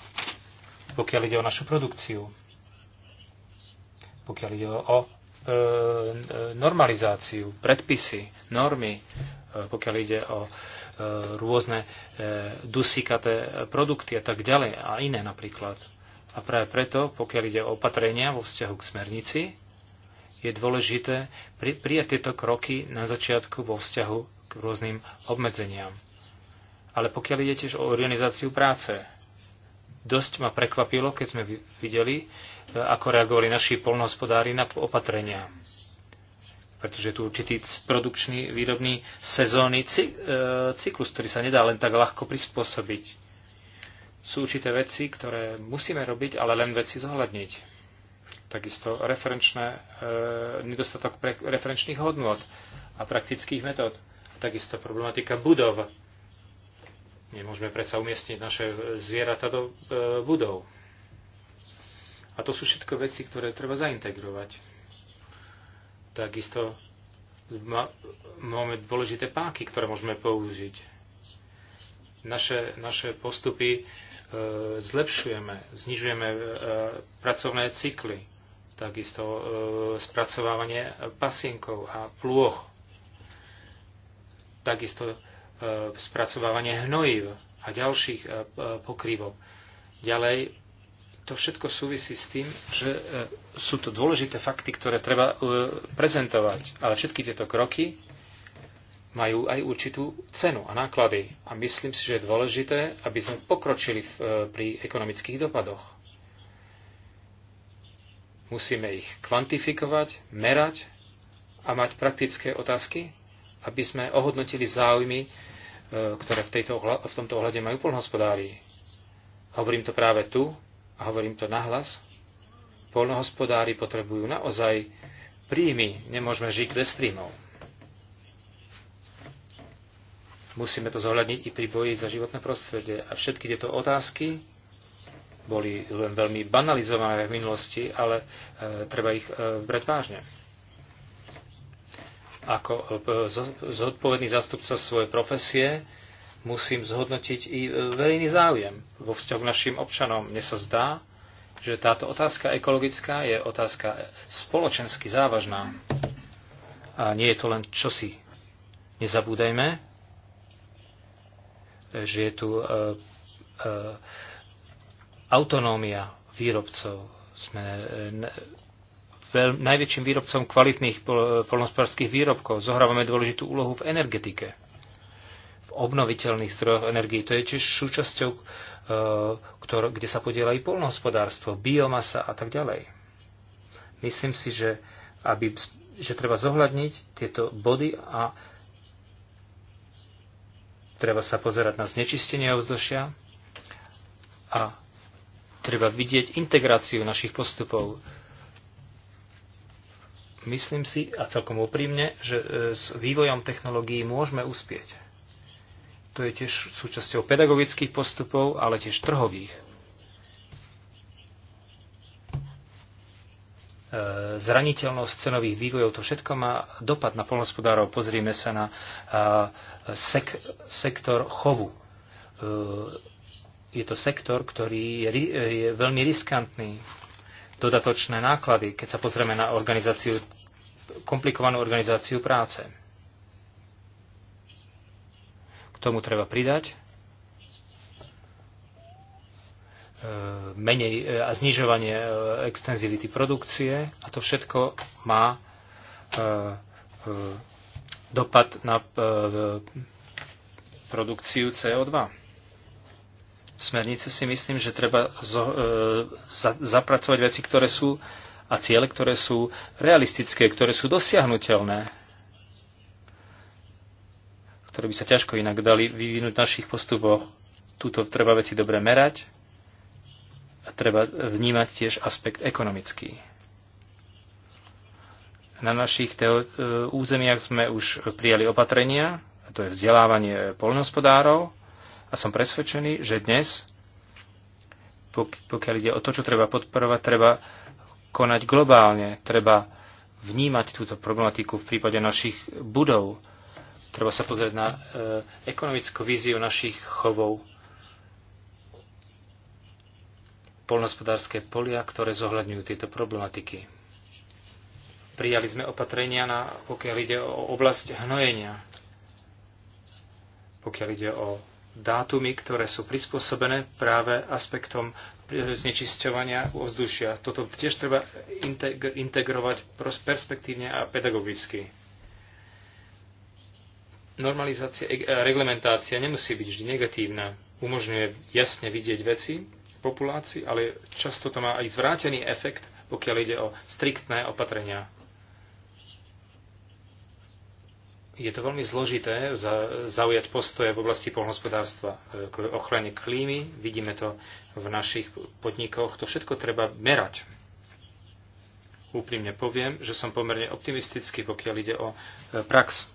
pokiaľ ide o našu produkciu, pokiaľ ide o, e, e normalizáciu, predpisy, normy, e, pokiaľ ide o e, rôzne e, dusikaté produkty a tak ďalej a iné napríklad. A práve preto, pokiaľ ide o opatrenia vo vzťahu k smernici, je dôležité pri, prijať tieto kroky na začiatku vo vzťahu k rôznym obmedzeniam. Ale pokiaľ ide tiež o organizáciu práce, dosť ma prekvapilo, keď sme videli, e, ako reagovali naši polnohospodári na opatrenia pretože je tu určitý produkčný, výrobný sezónny e, cyklus, ktorý sa nedá len tak ľahko prispôsobiť. Sú určité veci, ktoré musíme robiť, ale len veci zohľadniť. Takisto referenčné, e, nedostatok pre, referenčných hodnot a praktických metód. Takisto problematika budov. Nemôžeme predsa umiestniť naše zvieratá do e, budov. A to sú všetko veci, ktoré treba zaintegrovať Takisto máme dôležité páky, ktoré môžeme použiť. Naše, naše postupy e, zlepšujeme, znižujeme e, pracovné cykly, takisto e, spracovávanie pasienkov a plôch, takisto e, spracovávanie hnojiv a ďalších e, e pokrývok. Ďalej to všetko súvisí s tým, že e, sú to dôležité fakty, ktoré treba e, prezentovať. Ale všetky tieto kroky majú aj určitú cenu a náklady. A myslím si, že je dôležité, aby sme pokročili v, e, pri ekonomických dopadoch. Musíme ich kvantifikovať, merať a mať praktické otázky, aby sme ohodnotili záujmy, ktoré v, tejto, v tomto ohľade majú polnohospodári. Hovorím to práve tu, a hovorím to nahlas, polnohospodári potrebujú naozaj príjmy, nemôžeme žiť bez príjmov. Musíme to zohľadniť i pri boji za životné prostredie. A všetky tieto otázky boli len veľmi banalizované v minulosti, ale e, treba ich e, brať vážne ako e, zodpovedný zastupca svojej profesie musím zhodnotiť i e, verejný záujem vo vzťahu k našim občanom. Mne sa zdá, že táto otázka ekologická je otázka spoločensky závažná. A nie je to len čosi. Nezabúdajme, že je tu e, e, autonómia výrobcov. Sme e, veľ, najväčším výrobcom kvalitných pol, e, polnospodárských výrobkov. Zohrávame dôležitú úlohu v energetike obnoviteľných zdrojoch energií. To je tiež súčasťou, e, ktor- kde sa podiela i polnohospodárstvo, biomasa a tak ďalej. Myslím si, že, aby, že treba zohľadniť tieto body a treba sa pozerať na znečistenie ovzdušia a treba vidieť integráciu našich postupov myslím si a celkom úprimne, že e, s vývojom technológií môžeme uspieť. To je tiež súčasťou pedagogických postupov, ale tiež trhových. E, zraniteľnosť cenových vývojov, to všetko má dopad na polnospodárov. Pozrieme sa na e, sek- sektor chovu. E, je to sektor, ktorý je, je veľmi riskantný. Dodatočné náklady, keď sa pozrieme na organizáciu, komplikovanú organizáciu práce tomu treba pridať e, menej e, a znižovanie e, extenzivity produkcie a to všetko má dopad na produkciu CO2. V smernice si myslím, že treba zapracovať veci, ktoré sú a ciele, ktoré sú realistické, ktoré sú dosiahnutelné ktoré by sa ťažko inak dali vyvinúť v našich postupoch. Tuto treba veci dobre merať a treba vnímať tiež aspekt ekonomický. Na našich e, územiach sme už prijali opatrenia, a to je vzdelávanie poľnohospodárov, a som presvedčený, že dnes, pokiaľ ide o to, čo treba podporovať, treba konať globálne, treba vnímať túto problematiku v prípade našich budov, Treba sa pozrieť na eh, ekonomickú víziu našich chovov. Polnospodárske polia, ktoré zohľadňujú tieto problematiky. Prijali sme opatrenia, na, pokiaľ ide o oblasť hnojenia, pokiaľ ide o dátumy, ktoré sú prispôsobené práve aspektom znečisťovania ovzdušia. Toto tiež treba integrovať perspektívne a pedagogicky normalizácia, e, e, reglementácia nemusí byť vždy negatívna. Umožňuje jasne vidieť veci v populácii, ale často to má aj zvrátený efekt, pokiaľ ide o striktné opatrenia. Je to veľmi zložité zaujať postoje v oblasti polnospodárstva k ochrane klímy. Vidíme to v našich podnikoch. To všetko treba merať. Úprimne poviem, že som pomerne optimistický, pokiaľ ide o e, prax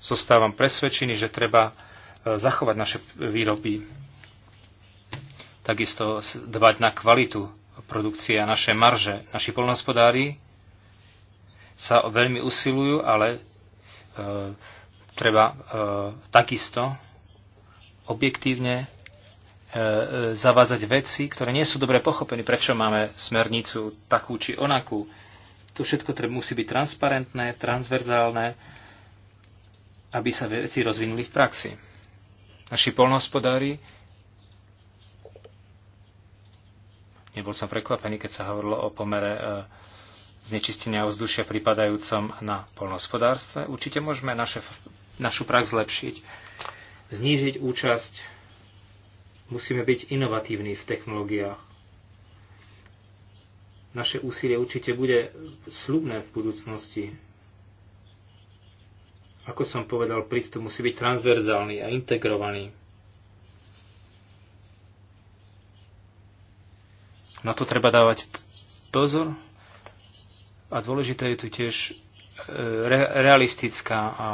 zostávam presvedčený, že treba e, zachovať naše výroby. Takisto dbať na kvalitu produkcie a naše marže. Naši polnohospodári sa veľmi usilujú, ale e, treba e, takisto objektívne e, e zavádzať veci, ktoré nie sú dobre pochopené. Prečo máme smernicu takú či onakú? To všetko treba, musí byť transparentné, transverzálne, aby sa veci rozvinuli v praxi. Naši polnohospodári, nebol som prekvapený, keď sa hovorilo o pomere e, znečistenia ovzdušia pripadajúcom na polnohospodárstve. Určite môžeme naše, našu prax zlepšiť, znížiť účasť. Musíme byť inovatívni v technológiách. Naše úsilie určite bude slubné v budúcnosti ako som povedal, prístup musí byť transverzálny a integrovaný. Na to treba dávať pozor. A dôležité je tu tiež e, re- realistická a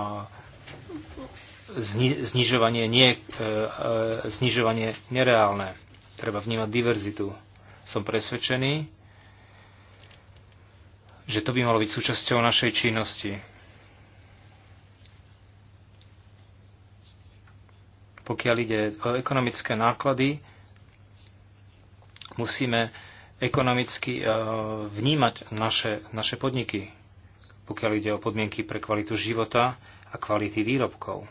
zni- znižovanie, nie, e, e, znižovanie nereálne. Treba vnímať diverzitu. Som presvedčený, že to by malo byť súčasťou našej činnosti Pokiaľ ide o ekonomické náklady, musíme ekonomicky e, vnímať naše, naše podniky, pokiaľ ide o podmienky pre kvalitu života a kvality výrobkov.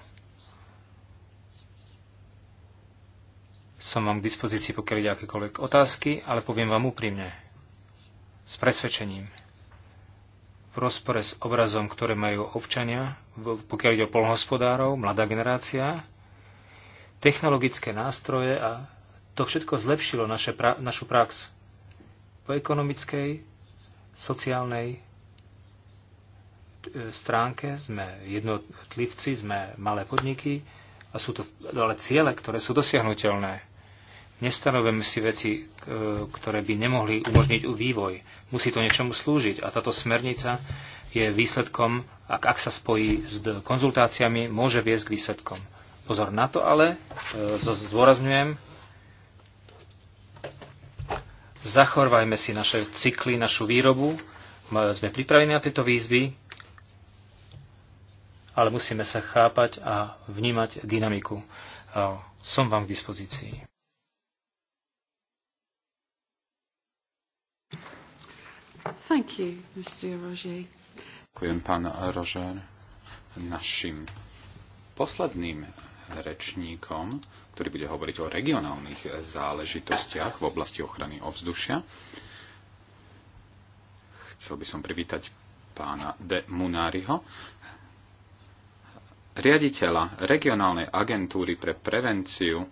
Som vám k dispozícii, pokiaľ ide akékoľvek otázky, ale poviem vám úprimne. S presvedčením. V rozpore s obrazom, ktoré majú občania, pokiaľ ide o polnohospodárov, mladá generácia, technologické nástroje a to všetko zlepšilo naše pra- našu prax po ekonomickej, sociálnej e, stránke, sme jednotlivci, sme malé podniky a sú to ale ciele, ktoré sú dosiahnutelné. Nestanovujeme si veci, e, ktoré by nemohli umožniť vývoj. Musí to niečomu slúžiť a táto smernica je výsledkom, ak, ak sa spojí s konzultáciami, môže viesť k výsledkom. Pozor na to ale, e, zdôrazňujem, zachorvajme si naše cykly, našu výrobu, sme pripravení na tieto výzvy, ale musíme sa chápať a vnímať dynamiku. E, som vám k dispozícii. Thank you, Mr. Roger. Ďakujem, pán Roger. Našim posledným rečníkom, ktorý bude hovoriť o regionálnych záležitostiach v oblasti ochrany ovzdušia. Chcel by som privítať pána De Munáriho, riaditeľa regionálnej agentúry pre prevenciu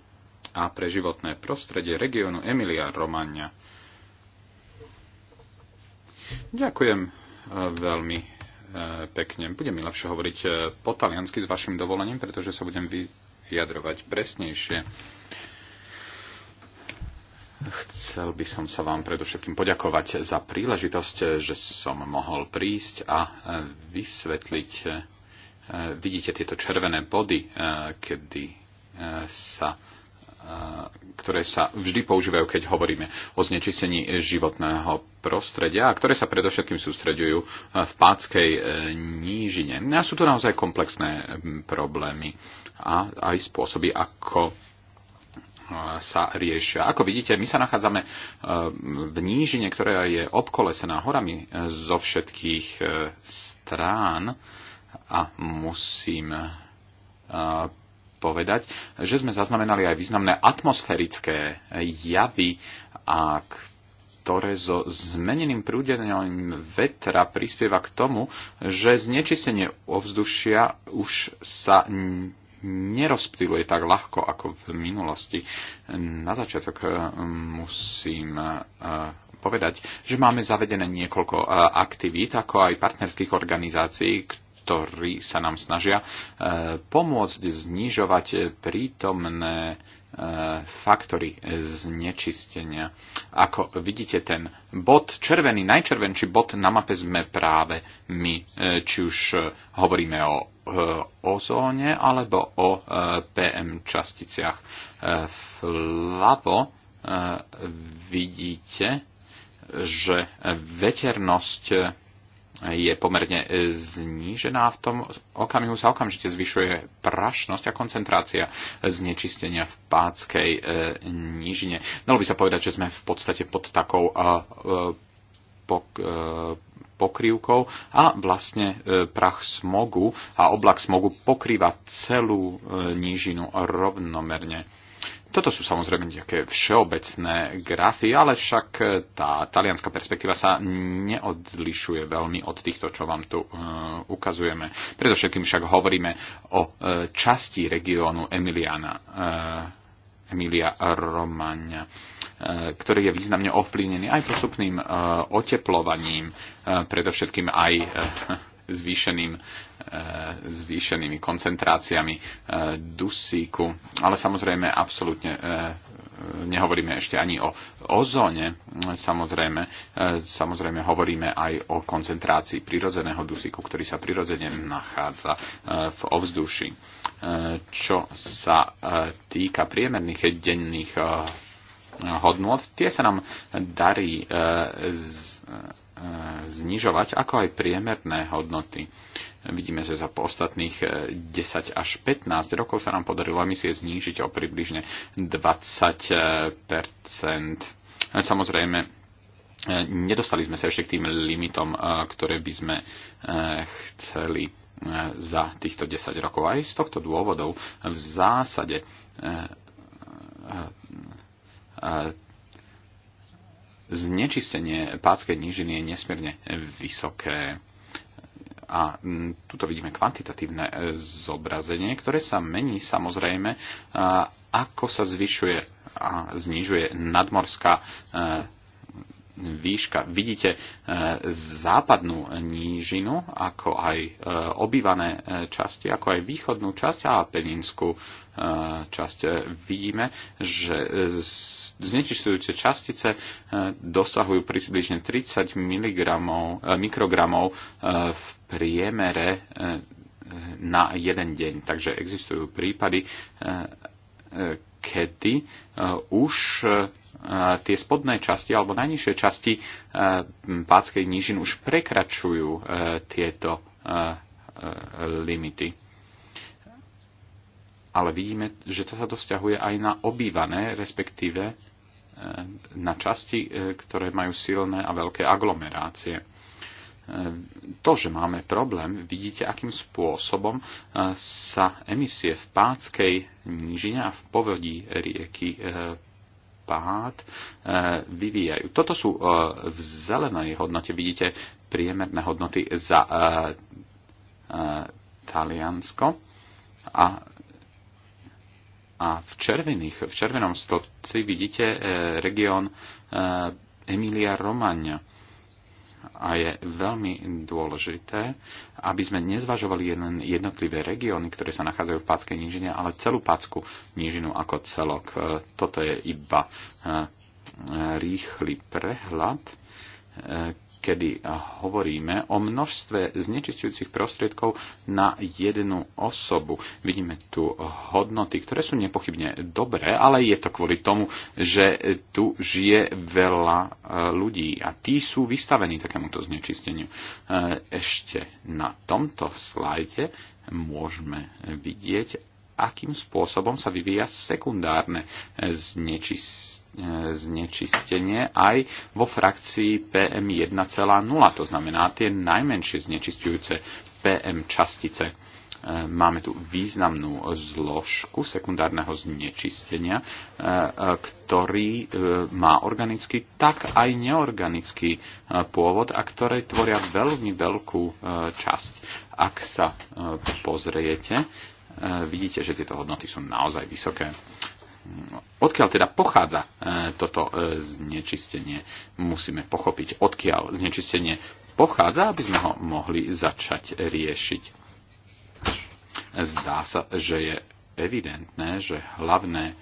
a pre životné prostredie regiónu Emilia Romagna. Ďakujem eh, veľmi eh, pekne. Budem mi lepšie hovoriť eh, po taliansky s vašim dovolením, pretože sa budem vy vyjadrovať presnejšie. Chcel by som sa vám predovšetkým poďakovať za príležitosť, že som mohol prísť a e, vysvetliť. E, e, vidíte tieto červené body, kedy sa ktoré sa vždy používajú, keď hovoríme o znečistení životného prostredia a ktoré sa predovšetkým sústreďujú v pátskej e, nížine. A sú to naozaj komplexné problémy a aj spôsoby, ako e, sa riešia. Ako vidíte, my sa nachádzame e, v nížine, ktorá je obkolesená horami zo všetkých strán a musím povedať, že sme zaznamenali aj významné atmosférické javy, a ktoré so zmeneným prúdením vetra prispieva k tomu, že znečistenie ovzdušia už sa nerozptýluje tak ľahko ako v minulosti. Na začiatok eh, musím eh, povedať, že máme zavedené niekoľko eh, aktivít, ako aj partnerských organizácií, ktorí sa nám snažia e, pomôcť znižovať prítomné e, faktory znečistenia. Ako vidíte, ten bod červený, najčervenší bod na mape sme práve my, e, či už hovoríme o ozóne alebo o PM časticiach. Vľavo vidíte, že veternosť je pomerne e, znížená. V tom okamihu sa okamžite zvyšuje prašnosť a koncentrácia znečistenia v páckej e, nížine. Dalo by sa povedať, že sme v podstate pod takou e, pokrývkou a vlastne prach smogu a oblak smogu pokrýva celú nížinu rovnomerne toto sú samozrejme nejaké všeobecné grafy, ale však e, tá talianská perspektíva sa neodlišuje veľmi od týchto, čo vám tu e, ukazujeme. Predovšetkým však hovoríme o e, časti regiónu Emiliana, e, Emilia Romagna, e, ktorý je významne ovplyvnený aj postupným e, oteplovaním, e, predovšetkým aj. E, zvýšeným, e, zvýšenými koncentráciami e, dusíku. Ale samozrejme, absolútne e, nehovoríme ešte ani o ozóne, samozrejme, samozrejme hovoríme aj o koncentrácii prirodzeného dusíku, ktorý sa prirodzene nachádza v ovzduši. Čo sa týka priemerných denných hodnot, tie sa nám darí z E, znižovať, ako aj priemerné hodnoty. Vidíme, že za ostatných 10 e, až 15 rokov sa nám podarilo emisie znížiť o približne 20 e, Samozrejme, nedostali sme sa ešte k tým limitom, ktoré by sme chceli za týchto 10 rokov. Aj z tohto dôvodov v zásade znečistenie pátskej nížiny je nesmierne vysoké. A tu vidíme kvantitatívne e, zobrazenie, ktoré sa mení samozrejme, ako sa zvyšuje a znižuje nadmorská e, výška. Vidíte e, západnú nížinu, ako aj e, obývané e, časti, ako aj východnú časť a peninskú časť. Vidíme, že znečistujúce častice dosahujú približne 30 mikrogramov v priemere na jeden deň. Takže existujú prípady, kedy už tie spodné časti alebo najnižšie časti e, páckej nížin už prekračujú e, tieto e, limity. Ale vidíme, že to sa dosťahuje aj na obývané, respektíve na časti, ktoré majú silné a veľké aglomerácie. To, že máme problém, vidíte, akým spôsobom sa emisie v páckej nížine a v povodí rieky pád e, vyvíjajú. Toto sú e, v zelenej hodnote, vidíte priemerné hodnoty za e, Taliansko a, a v, červených, v červenom stopci vidíte región Emilia Romagna a je veľmi dôležité, aby sme nezvažovali len jednotlivé regióny, ktoré sa nachádzajú v Páckej nížine, ale celú Pácku nížinu ako celok. E, toto je iba e, rýchly prehľad, e, kedy hovoríme o množstve znečistujúcich prostriedkov na jednu osobu. Vidíme tu hodnoty, ktoré sú nepochybne dobré, ale je to kvôli tomu, že tu žije veľa e, ľudí a tí sú vystavení takémuto znečisteniu. E, ešte na tomto slajde môžeme vidieť, akým spôsobom sa vyvíja sekundárne e, znečistenie E, znečistenie aj vo frakcii PM 1,0, to znamená tie najmenšie znečistujúce PM častice. E, máme tu významnú zložku sekundárneho znečistenia, e, ktorý má organický, tak aj neorganický pôvod a ktoré tvoria veľmi veľkú časť. Ak sa pozriete, vidíte, že tieto hodnoty sú naozaj vysoké odkiaľ teda pochádza e, toto e, znečistenie. Musíme pochopiť, odkiaľ znečistenie pochádza, aby sme ho mohli začať riešiť. Zdá sa, že je evidentné, že hlavné e,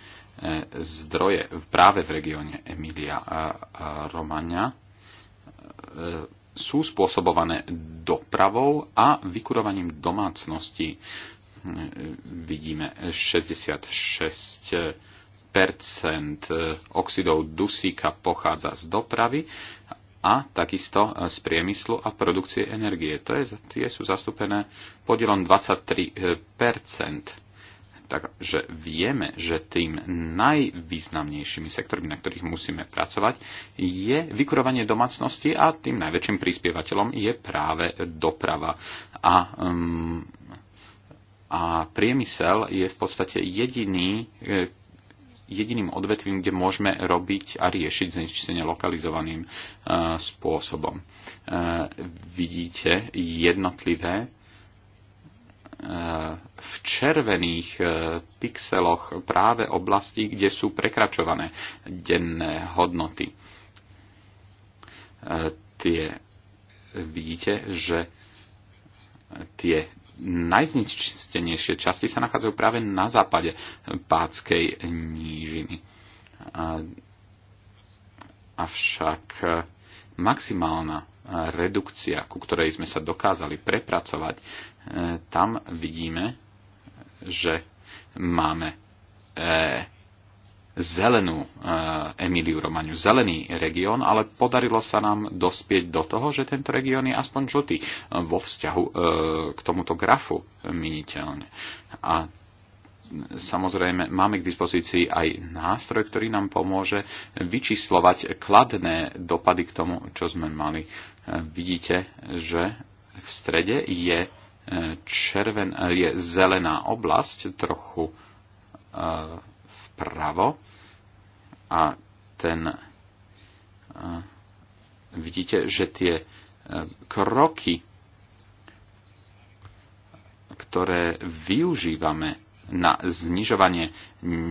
zdroje práve v regióne Emilia Romagna sú spôsobované dopravou a vykurovaním domácnosti Vidíme 66 Eh, oxidov dusíka pochádza z dopravy a takisto eh, z priemyslu a produkcie energie. To je, tie sú zastúpené podielom 23 eh, Takže vieme, že tým najvýznamnejšími sektormi, na ktorých musíme pracovať, je vykurovanie domácnosti a tým najväčším prispievateľom je práve doprava. A, um, a priemysel je v podstate jediný, jediným odvetvím, kde môžeme robiť a riešiť znečistenie lokalizovaným e, spôsobom. E, vidíte jednotlivé e, v červených pixeloch práve oblasti, kde sú prekračované denné hodnoty. Tie vidíte, že tie najzničistenejšie časti sa nachádzajú práve na západe Pátskej nížiny. Avšak e, maximálna e, redukcia, ku ktorej sme sa dokázali prepracovať, e, tam vidíme, že máme zelenú e, Emiliu Romaniu, zelený región, ale podarilo sa nám dospieť do toho, že tento región je aspoň žltý e, vo vzťahu e, k tomuto grafu miniteľne. A samozrejme máme k dispozícii aj nástroj, ktorý nám pomôže vyčíslovať kladné dopady k tomu, čo sme mali. Vidíte, že v strede je, červen, je zelená oblasť, trochu vpravo a ten e, vidíte, že tie e, kroky, ktoré využívame na znižovanie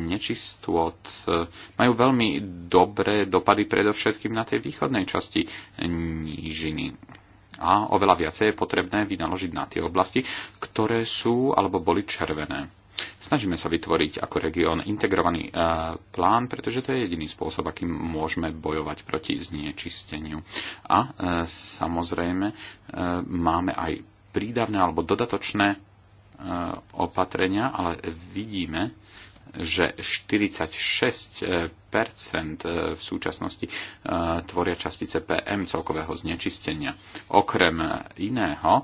nečistôt e, majú veľmi dobré dopady predovšetkým na tej východnej časti nížiny. A oveľa viacej je potrebné vynaložiť na tie oblasti, ktoré sú alebo boli červené. Snažíme sa vytvoriť ako región integrovaný e, plán, pretože to je jediný spôsob, akým môžeme bojovať proti znečisteniu. A e, samozrejme e, máme aj prídavné alebo dodatočné opatrenia, ale vidíme, že 46 v súčasnosti tvoria častice PM celkového znečistenia. Okrem iného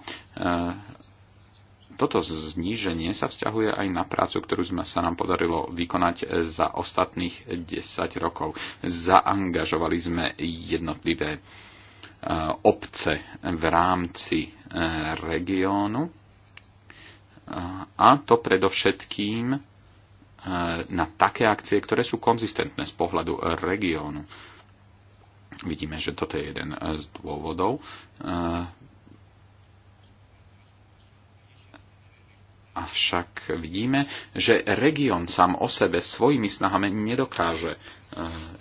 toto zníženie sa vzťahuje aj na prácu, ktorú sme sa nám podarilo vykonať za ostatných 10 rokov. Zaangažovali sme jednotlivé e, obce v rámci e, regiónu a to predovšetkým e, na také akcie, ktoré sú konzistentné z pohľadu regiónu. Vidíme, že toto je jeden z dôvodov, Avšak vidíme, že región sám o sebe svojimi snahami nedokáže e,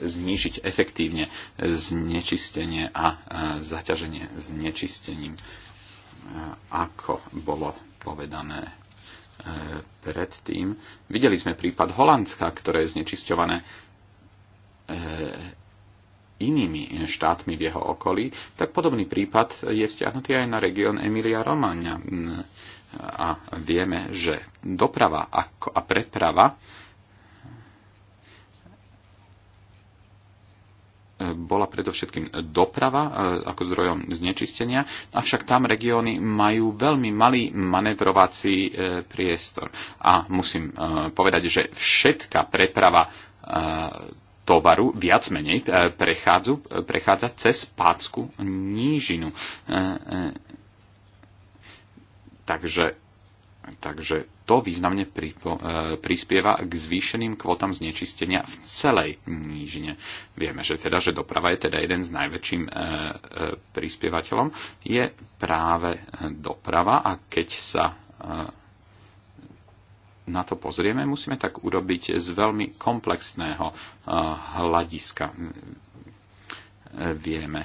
znížiť efektívne znečistenie a e, zaťaženie znečistením, e, ako bolo povedané predtým. Videli sme prípad Holandska, ktoré je znečisťované inými štátmi v jeho okolí, tak podobný prípad je stiahnutý aj na región Emilia Romagna a vieme, že doprava a preprava bola predovšetkým doprava e, ako zdrojom znečistenia, avšak tam regióny majú veľmi malý manevrovací e, priestor. A musím e, povedať, že všetká preprava tovaru viac menej prechádza cez Pácku nížinu Takže, takže to významne pripo, e, prispieva k zvýšeným kvotám znečistenia v celej nížine. Vieme, že teda, že doprava je teda jeden z najväčším e, e, prispievateľom, je práve e, doprava a keď sa e, na to pozrieme, musíme tak urobiť z veľmi komplexného e, hľadiska. Vieme,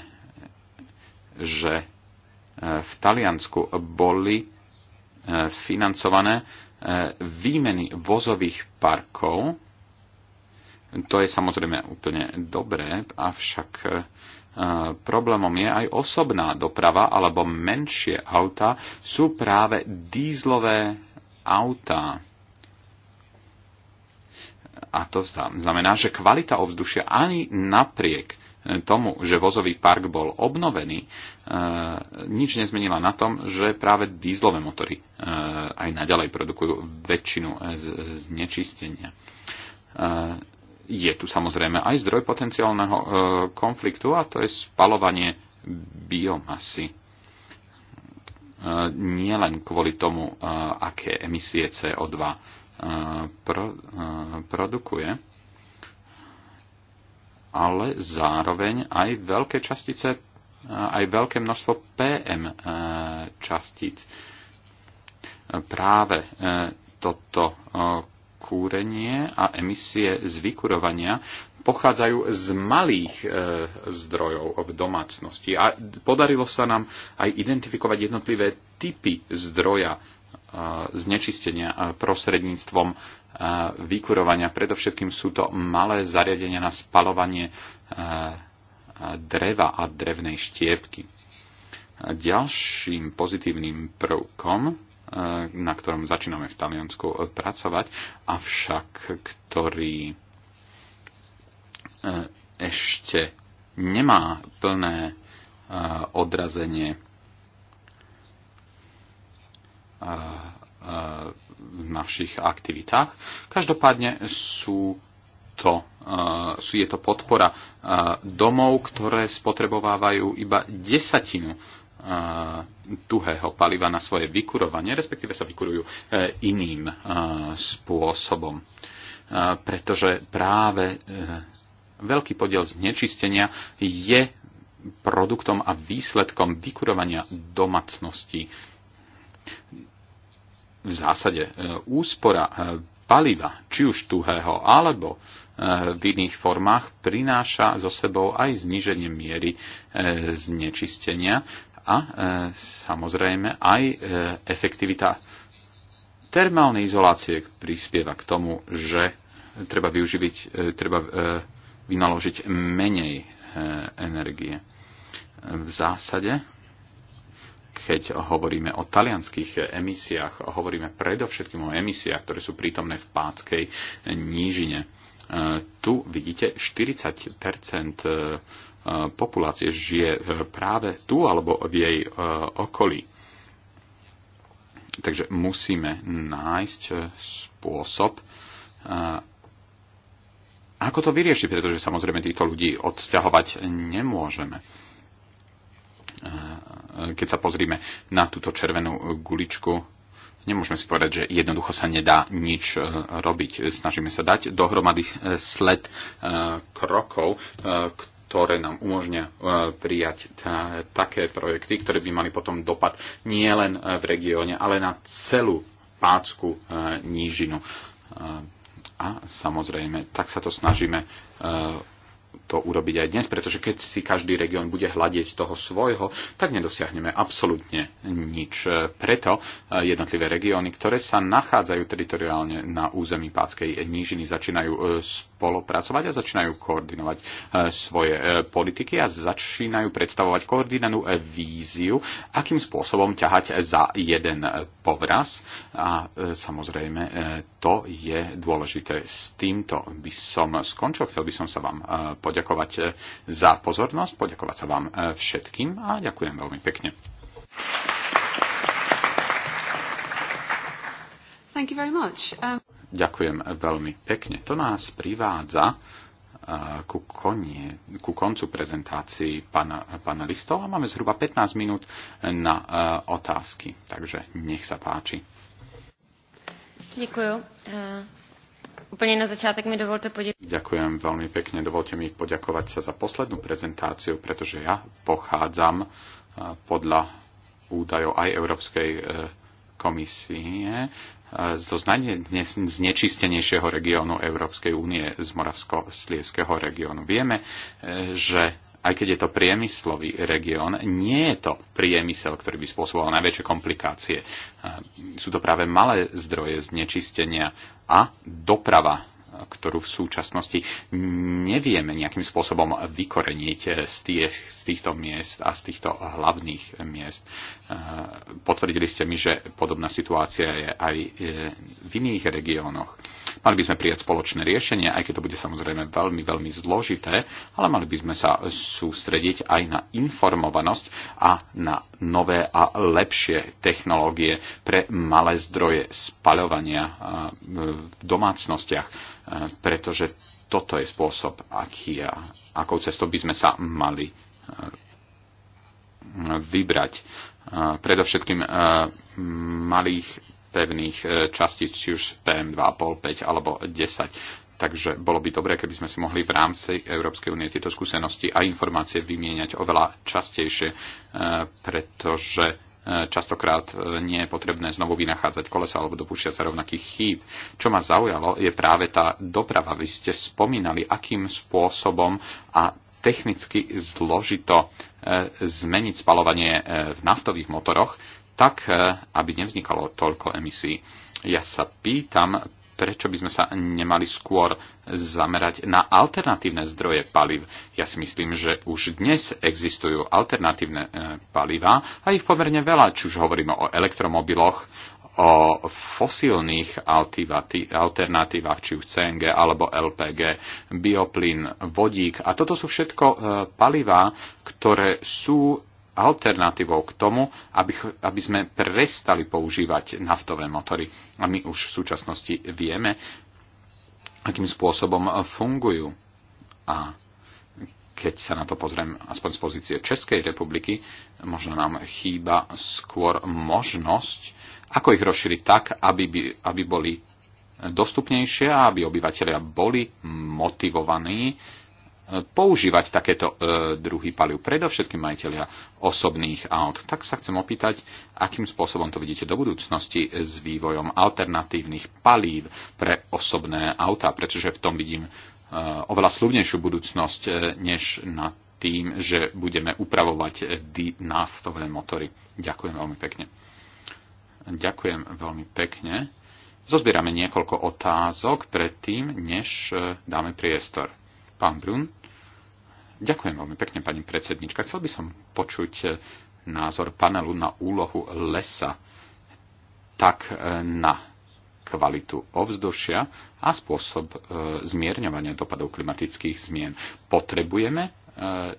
že v Taliansku boli financované e, výmeny vozových parkov. To je samozrejme úplne dobré, avšak e, problémom je aj osobná doprava alebo menšie auta sú práve dízlové autá. A to znamená, že kvalita ovzdušia ani napriek tomu, že vozový park bol obnovený, e, nič nezmenila na tom, že práve dízlové motory e, aj naďalej produkujú väčšinu e, znečistenia. Je tu samozrejme aj zdroj potenciálneho konfliktu a to je spalovanie biomasy. Nie len kvôli tomu, aké emisie CO2 produkuje, ale zároveň aj veľké častice, eh, aj veľké množstvo PM eh, častíc. Práve eh, toto kúrenie a emisie z vykurovania pochádzajú z malých zdrojov v domácnosti. A podarilo sa nám aj identifikovať jednotlivé typy zdroja znečistenia prostredníctvom vykurovania. Predovšetkým sú to malé zariadenia na spalovanie dreva a drevnej štiepky. Ďalším pozitívnym prvkom, na ktorom začíname v Taliansku pracovať, avšak ktorý e, ešte nemá plné e, odrazenie v našich aktivitách. Každopádne sú to, sú, je to podpora domov, ktoré spotrebovávajú iba desatinu tuhého paliva na svoje vykurovanie, respektíve sa vykurujú e, iným e, spôsobom. E, pretože práve veľký podiel znečistenia je produktom a výsledkom vykurovania domácnosti v zásade e, úspora e, paliva, či už tuhého, alebo e, v iných formách, prináša so sebou aj zníženie miery znečistenia a samozrejme aj efektivita termálnej izolácie prispieva k tomu, že treba využiť, treba vynaložiť menej energie. V zásade keď hovoríme o talianských emisiách, hovoríme predovšetkým o emisiách, ktoré sú prítomné v Pátskej nížine. E, tu vidíte 40 e, populácie žije práve tu alebo v jej e, okolí. Takže musíme nájsť spôsob, ako to vyriešiť, pretože samozrejme týchto ľudí odsťahovať nemôžeme Eh, keď sa pozrieme na túto červenú guličku, nemôžeme si povedať, že jednoducho sa nedá nič eh, robiť. Snažíme sa dať dohromady eh, sled krokov, ktoré nám umožňa prijať také projekty, ktoré by mali potom dopad nie len v regióne, ale na celú pácku nížinu. A samozrejme, tak sa to snažíme to urobiť aj dnes, pretože keď si každý región bude hľadiť toho svojho, tak nedosiahneme absolútne nič. E, Preto e, jednotlivé regióny, ktoré sa nachádzajú teritoriálne na území Pátskej nížiny, začínajú e, spolu spolupracovať a začínajú koordinovať e, svoje e, politiky a začínajú predstavovať koordinovanú e, víziu, akým spôsobom ťahať za jeden povraz. A samozrejme, to je dôležité. S týmto by som skončil. Chcel by som sa vám poďakovať za pozornosť, poďakovať sa vám všetkým a ďakujem veľmi pekne. Thank you very much. Um... Ďakujem veľmi pekne. To nás privádza uh, ku, konie, ku koncu prezentácii pana, panelistov a máme zhruba 15 minút na uh, otázky. Takže nech sa páči. Ďakujem. Uh... Úplne na začiatok mi dovolte poďakovať. Ďakujem veľmi pekne. Dovolte mi poďakovať sa za poslednú prezentáciu, pretože ja pochádzam uh, podľa údajov aj Európskej uh, komisie zo znečistenejšieho regiónu Európskej únie, z Moravsko-Slieského regiónu. Vieme, e, že aj keď je to priemyslový región, nie je to priemysel, ktorý by spôsoboval najväčšie komplikácie. E, sú to práve malé zdroje znečistenia a doprava ktorú v súčasnosti nevieme nejakým spôsobom vykoreniť z, tých, z týchto miest a z týchto hlavných miest. Eh, potvrdili ste mi, že podobná situácia je aj eh, v iných regiónoch. Mali by sme prijať spoločné riešenie, aj keď to bude samozrejme veľmi, veľmi zložité, ale mali by sme sa sústrediť aj na informovanosť a na nové a lepšie technológie pre malé zdroje spaľovania eh, v domácnostiach Eh, pretože toto je spôsob, aký, akou cestou by sme sa mali eh, vybrať. Eh, predovšetkým malých pevných častíc, či už PM 2,5, 5 alebo 10. Takže bolo by dobré, keby sme si mohli v rámci Európskej únie tieto skúsenosti a informácie vymieňať oveľa častejšie, pretože Častokrát e, nie je potrebné znovu vynachádzať kolesa alebo dopúšťať sa rovnakých chýb. Čo ma zaujalo je práve tá doprava. Vy ste spomínali, akým spôsobom a technicky zložito e, zmeniť spalovanie e, v naftových motoroch tak, aby nevznikalo toľko emisí. Ja sa pýtam, prečo by sme sa nemali skôr zamerať na alternatívne zdroje paliv. Ja si myslím, že už dnes existujú alternatívne e, paliva a ich pomerne veľa, či už hovoríme o elektromobiloch, o fosílnych alternatívach, či už CNG alebo LPG, bioplyn, vodík. A toto sú všetko e, paliva, ktoré sú alternatívou k tomu, aby, aby sme prestali používať naftové motory. A my už v súčasnosti vieme, akým spôsobom fungujú. A keď sa na to pozriem aspoň z pozície Českej republiky, možno nám chýba skôr možnosť, ako ich rozšíriť tak, aby, by, aby boli dostupnejšie a aby obyvateľia boli motivovaní používať takéto e, druhy paliv, predovšetkým majiteľia osobných aut. Tak sa chcem opýtať, akým spôsobom to vidíte do budúcnosti s vývojom alternatívnych palív pre osobné autá, pretože v tom vidím e, oveľa slubnejšiu budúcnosť, e, než na tým, že budeme upravovať naftové motory. Ďakujem veľmi pekne. Ďakujem veľmi pekne. Zozbierame niekoľko otázok predtým, než dáme priestor. Pán Brun. Ďakujem veľmi pekne, pani predsednička. Chcel by som počuť eh, názor panelu na úlohu lesa tak eh, na kvalitu ovzdušia a spôsob eh, zmierňovania dopadov klimatických zmien. Potrebujeme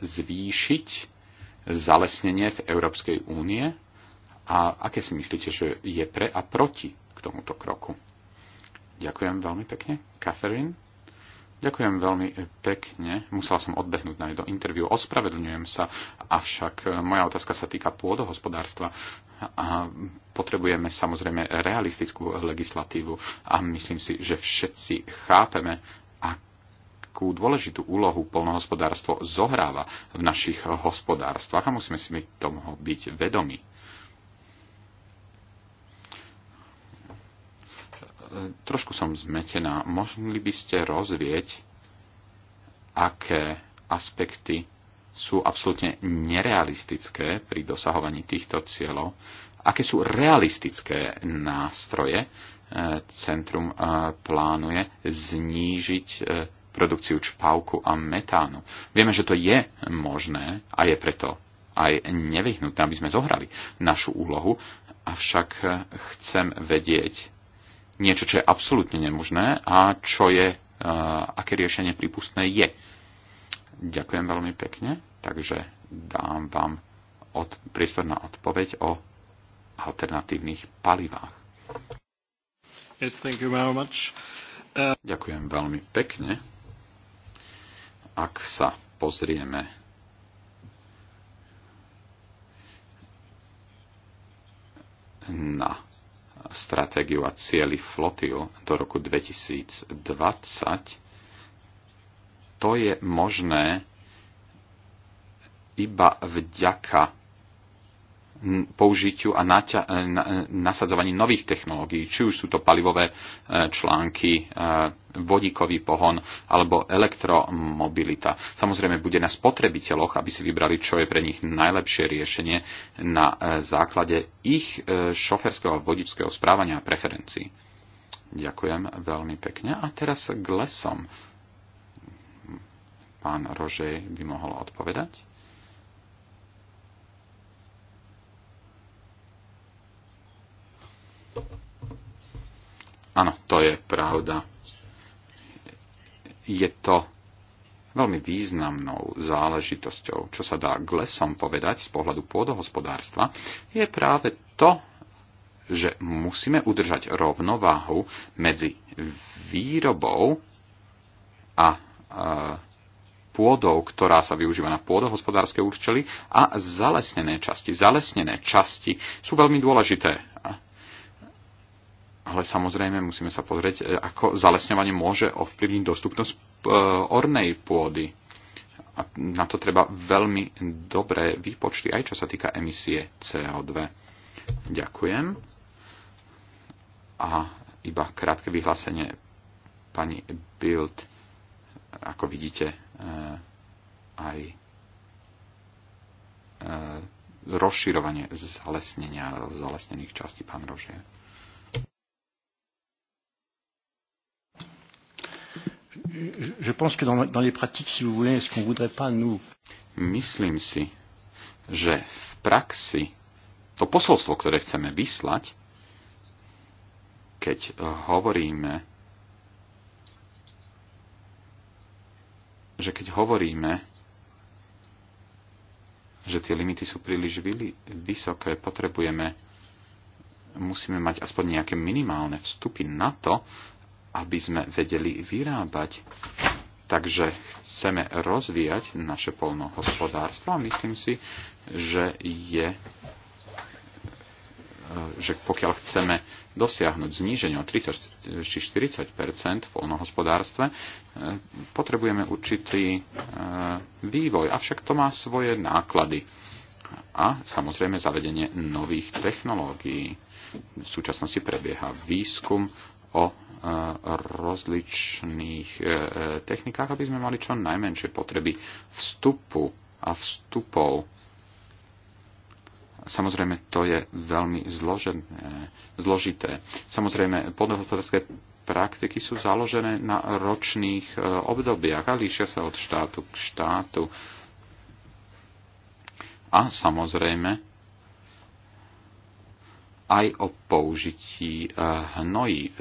zvýšiť zalesnenie v Európskej únie a aké si myslíte, že je pre a proti k tomuto kroku? Ďakujem veľmi pekne. Catherine? Ďakujem veľmi pekne. Musela som odbehnúť na jedno interviu. Ospravedlňujem sa, avšak moja otázka sa týka pôdohospodárstva. A potrebujeme samozrejme realistickú legislatívu a myslím si, že všetci chápeme, akú dôležitú úlohu polnohospodárstvo zohráva v našich hospodárstvách a musíme si tomu byť vedomi. trošku som zmetená. Mohli by ste rozvieť, aké aspekty sú absolútne nerealistické pri dosahovaní týchto cieľov, aké sú realistické nástroje. E, centrum e, plánuje znížiť e, produkciu čpavku a metánu. Vieme, že to je možné a je preto aj nevyhnutné, aby sme zohrali našu úlohu, avšak chcem vedieť, niečo, čo je absolútne nemožné a čo je, e, aké riešenie prípustné je. Ďakujem veľmi pekne, takže dám vám od, priestor na odpoveď o alternatívnych palivách. Yes, thank you very much. Uh... Ďakujem veľmi pekne. Ak sa pozrieme na stratégiu a cieľy flotil do roku 2020, to je možné iba vďaka použitiu a naťa, e, e, nasadzovaní nových technológií, či už sú to palivové e, články, vodíkový pohon alebo elektromobilita. Samozrejme, bude na spotrebiteľoch, aby si vybrali, čo je pre nich najlepšie riešenie na základe ich šoferského a vodičského správania a preferencií. Ďakujem veľmi pekne. A teraz k lesom. Pán Rožej by mohol odpovedať. Áno, to je pravda. Je to veľmi významnou záležitosťou, čo sa dá k lesom povedať z pohľadu pôdohospodárstva, je práve to, že musíme udržať rovnováhu medzi výrobou a e, pôdou, ktorá sa využíva na pôdohospodárske účely a zalesnené časti. Zalesnené časti sú veľmi dôležité ale samozrejme musíme sa pozrieť, e, ako zalesňovanie môže ovplyvniť dostupnosť e, ornej pôdy. A na to treba veľmi dobré výpočty, aj čo sa týka emisie CO2. Ďakujem. A iba krátke vyhlásenie pani Bild. Ako vidíte, e, aj rozširovanie zalesnenia, zalesnených častí pán Rožie. je pense que dans, dans les pratiques, si vous voulez, ce qu'on voudrait pas nous. Myslím si, že v praxi to posolstvo, ktoré chceme vyslať, keď eh, hovoríme, že keď hovoríme, že tie limity sú príliš vysoké, potrebujeme, musíme mať aspoň nejaké minimálne vstupy na to, aby sme vedeli vyrábať. Takže chceme rozvíjať naše polnohospodárstvo a myslím si, že je e, že pokiaľ chceme dosiahnuť zníženie o 30 či 40 v polnohospodárstve, e, potrebujeme určitý e, vývoj, avšak to má svoje náklady. A samozrejme zavedenie nových technológií. V súčasnosti prebieha výskum o e, rozličných e, technikách, aby sme mali čo najmenšie potreby vstupu a vstupov. Samozrejme, to je veľmi zložené, zložité. Samozrejme, podnohospodárske praktiky sú založené na ročných e, obdobiach a líšia sa od štátu k štátu. A samozrejme, aj o použití e, hnojí, e,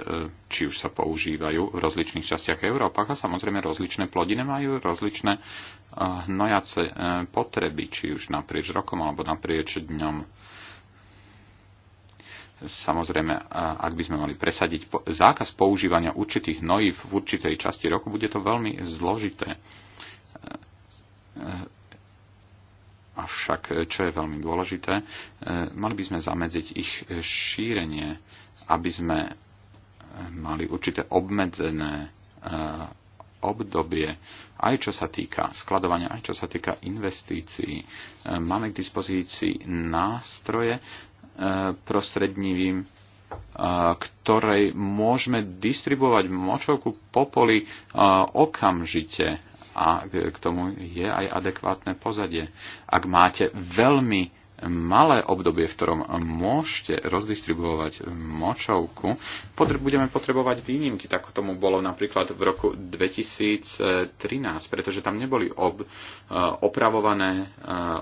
či už sa používajú v rozličných častiach Európy a samozrejme rozličné plodiny majú rozličné e, hnojace potreby, či už naprieč rokom alebo naprieč dňom. Samozrejme, ak by sme mali presadiť zákaz používania určitých hnojív v určitej časti roku, bude to veľmi zložité Avšak, e, čo je veľmi dôležité, e, mali by sme zamedziť ich šírenie, aby sme e, mali určité obmedzené obdobie, aj čo sa týka skladovania, aj čo sa týka investícií. Máme k dispozícii nástroje prostrednívým ktorej môžeme distribuovať močovku popoli okamžite a k tomu je aj adekvátne pozadie. Ak máte veľmi malé obdobie, v ktorom môžete rozdistribuovať močovku, budeme potrebovať výnimky. Tak tomu bolo napríklad v roku 2013, pretože tam neboli ob- e, opravované e,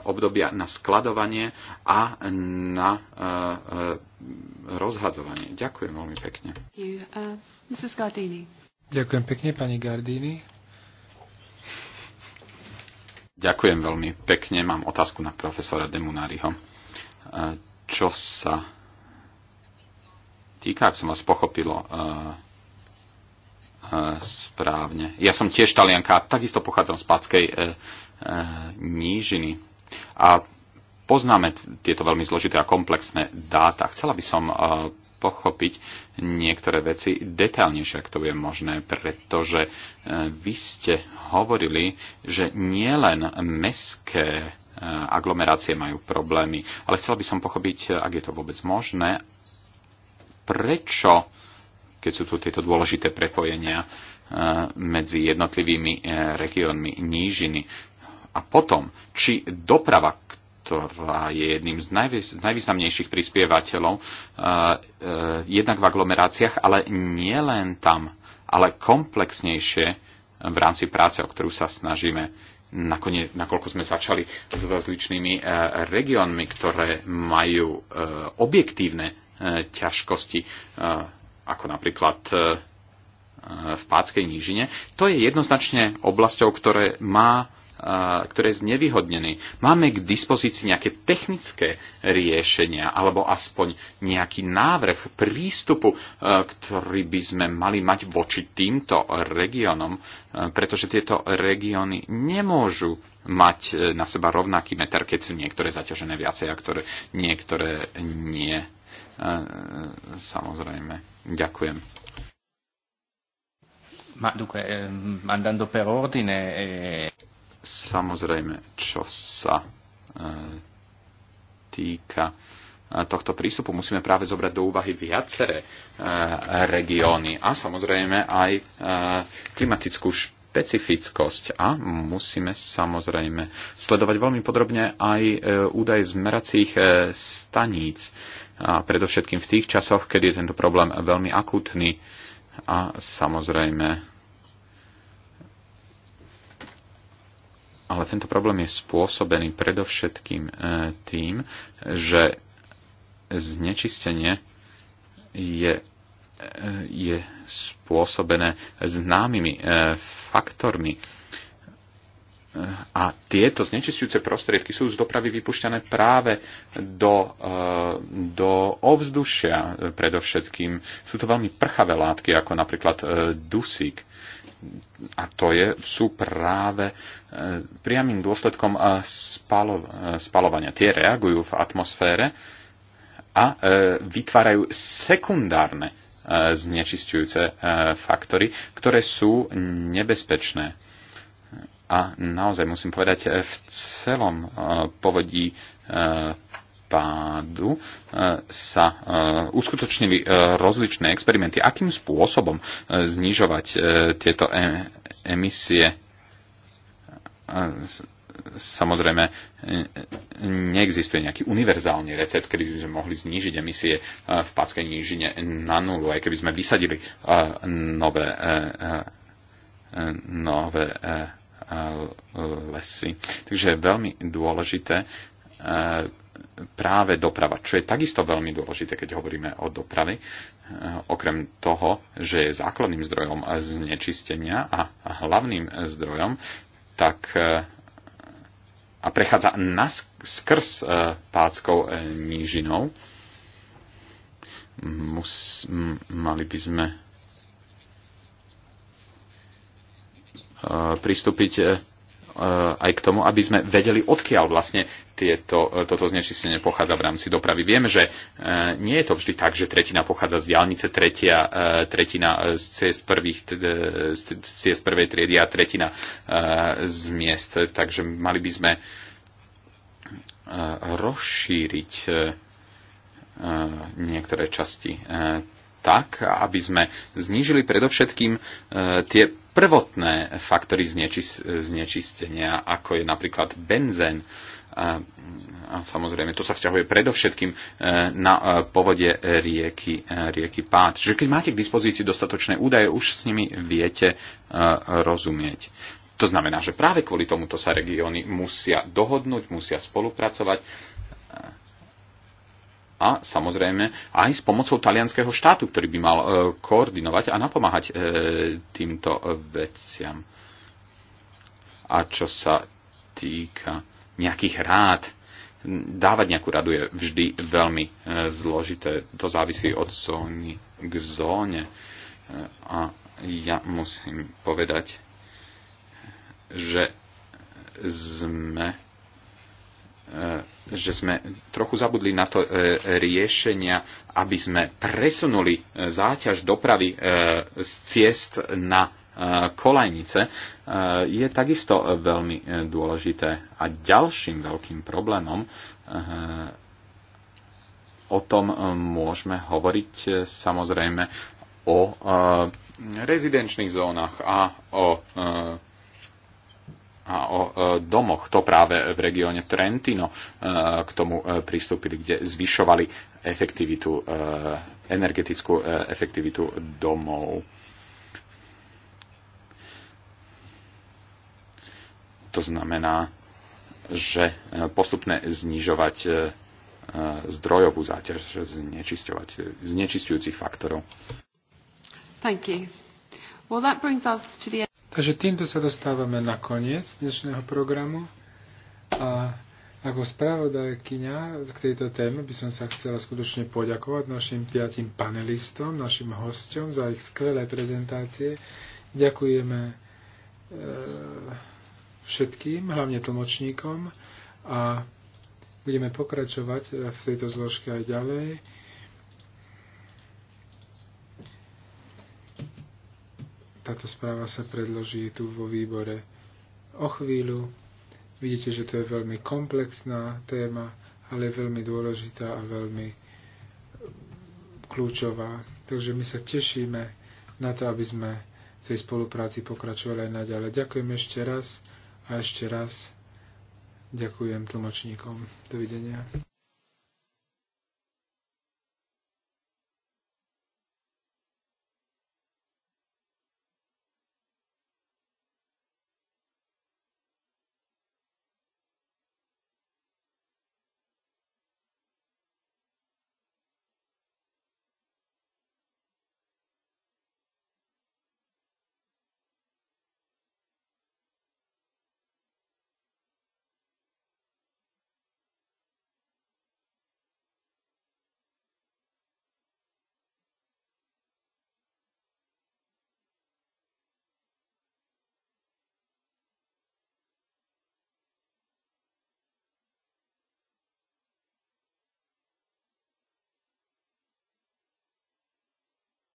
obdobia na skladovanie a na e, rozhadzovanie. Ďakujem veľmi pekne. Uh, Ďakujem pekne, pani Gardini. Ďakujem veľmi pekne. Mám otázku na profesora Demunáriho. E, čo sa týka, ak som vás pochopilo e, e, správne. Ja som tiež talianka, takisto pochádzam z Páckej nížiny. A poznáme tieto veľmi zložité a komplexné dáta. Chcela by som pochopiť niektoré veci detálnejšie, ak to je možné, pretože e, vy ste hovorili, že nielen meské e, aglomerácie majú problémy, ale chcel by som pochopiť, e, ak je to vôbec možné, prečo, keď sú tu tieto dôležité prepojenia medzi jednotlivými regiónmi nížiny, a potom, či doprava, ktorá je jedným z, z najvýznamnejších prispievateľov, eh, eh, jednak v aglomeráciách, ale nie len tam, ale komplexnejšie v rámci práce, o ktorú sa snažíme. Nakoniec, nakoľko sme začali s rozličnými eh, regiónmi, ktoré majú objektívne ťažkosti, ako napríklad v Páckej nížine, to je jednoznačne oblasťou, ktoré má ktoré je znevýhodnený. Máme k dispozícii nejaké technické riešenia alebo aspoň nejaký návrh prístupu, e, ktorý by sme mali mať voči týmto regiónom, e, pretože tieto regióny nemôžu mať e, na seba rovnaký meter, keď sú niektoré zaťažené viacej a ktoré, niektoré nie. Samozrejme. Ďakujem. Ma, dunque, eh, andando per ordine... Eh... Samozrejme, čo sa e, týka e, tohto prístupu, musíme práve zobrať do úvahy viaceré e, regióny a samozrejme aj e, klimatickú špecifickosť a musíme samozrejme sledovať veľmi podrobne aj e, údaje z meracích e, staníc, a predovšetkým v tých časoch, kedy je tento problém veľmi akútny a samozrejme Ale tento problém je spôsobený predovšetkým e, tým, že znečistenie je, e, je spôsobené známymi e, faktormi. A tieto znečistujúce prostriedky sú z dopravy vypušťané práve do, do ovzdušia predovšetkým. Sú to veľmi prchavé látky, ako napríklad dusík a to je, sú práve e, priamým dôsledkom e, spalo, e, spalovania. Tie reagujú v atmosfére a vytvárajú sekundárne znečistujúce faktory, ktoré sú nebezpečné. A naozaj musím povedať, v celom povodí pádu e, sa e, uskutočnili e, rozličné experimenty, akým spôsobom znižovať tieto emisie. Samozrejme, neexistuje nejaký univerzálny recept, kedy by sme mohli znížiť emisie v Páckej nížine na nulu, aj keby sme vysadili nové, nové lesy. Takže je veľmi dôležité práve doprava, čo je takisto veľmi dôležité, keď hovoríme o doprave, eh, okrem toho, že je základným zdrojom znečistenia a hlavným zdrojom, tak eh, a prechádza nas, skrz eh, páckou nížinou, mus, mali by sme pristúpiť Eh, aj k tomu, aby sme vedeli, odkiaľ vlastne tieto, eh, toto znečistenie pochádza v rámci dopravy. Vieme, že eh, nie je to vždy tak, že tretina pochádza z diálnice, tretia, tretina z ciest, prvých, z ciest prvej triedy a tretina z miest. Takže mali by sme rozšíriť niektoré časti tak, aby sme znížili predovšetkým e, tie prvotné faktory znečistenia, ako je napríklad benzén. E, a samozrejme, to sa vzťahuje predovšetkým e, na povode rieky, rieky Pád. Čiže keď máte k dispozícii dostatočné údaje, už s nimi viete rozumieť. To znamená, že práve kvôli tomuto sa regióny musia dohodnúť, musia spolupracovať a samozrejme aj s pomocou talianského štátu, ktorý by mal e, koordinovať a napomáhať e, týmto veciam. A čo sa týka nejakých rád, dávať nejakú radu je vždy veľmi e, zložité. To závisí od zóny k zóne. A ja musím povedať, že sme E, že sme trochu zabudli na to e, riešenia, aby sme presunuli e, záťaž dopravy z ciest na kolajnice, je takisto veľmi dôležité. A ďalším veľkým problémom o tom môžeme hovoriť samozrejme o rezidenčných zónach a o a o e, domoch. To práve v regióne Trentino e, k tomu e, pristúpili, kde zvyšovali efektivitu, energetickú efektivitu domov. To znamená, že postupne znižovať zdrojovú záťaž znečisťujúcich faktorov. Thank you. Well, that brings us to the Takže týmto sa dostávame na koniec dnešného programu a ako spravodajkyňa k tejto téme by som sa chcela skutočne poďakovať našim piatim panelistom, našim hosťom za ich skvelé prezentácie. Ďakujeme e, všetkým, hlavne tlmočníkom a budeme pokračovať v tejto zložke aj ďalej. táto správa sa predloží tu vo výbore o chvíľu. Vidíte, že to je veľmi komplexná téma, ale je veľmi dôležitá a veľmi kľúčová. Takže my sa tešíme na to, aby sme v tej spolupráci pokračovali aj naďalej. Ďakujem ešte raz a ešte raz ďakujem tlmočníkom. Dovidenia.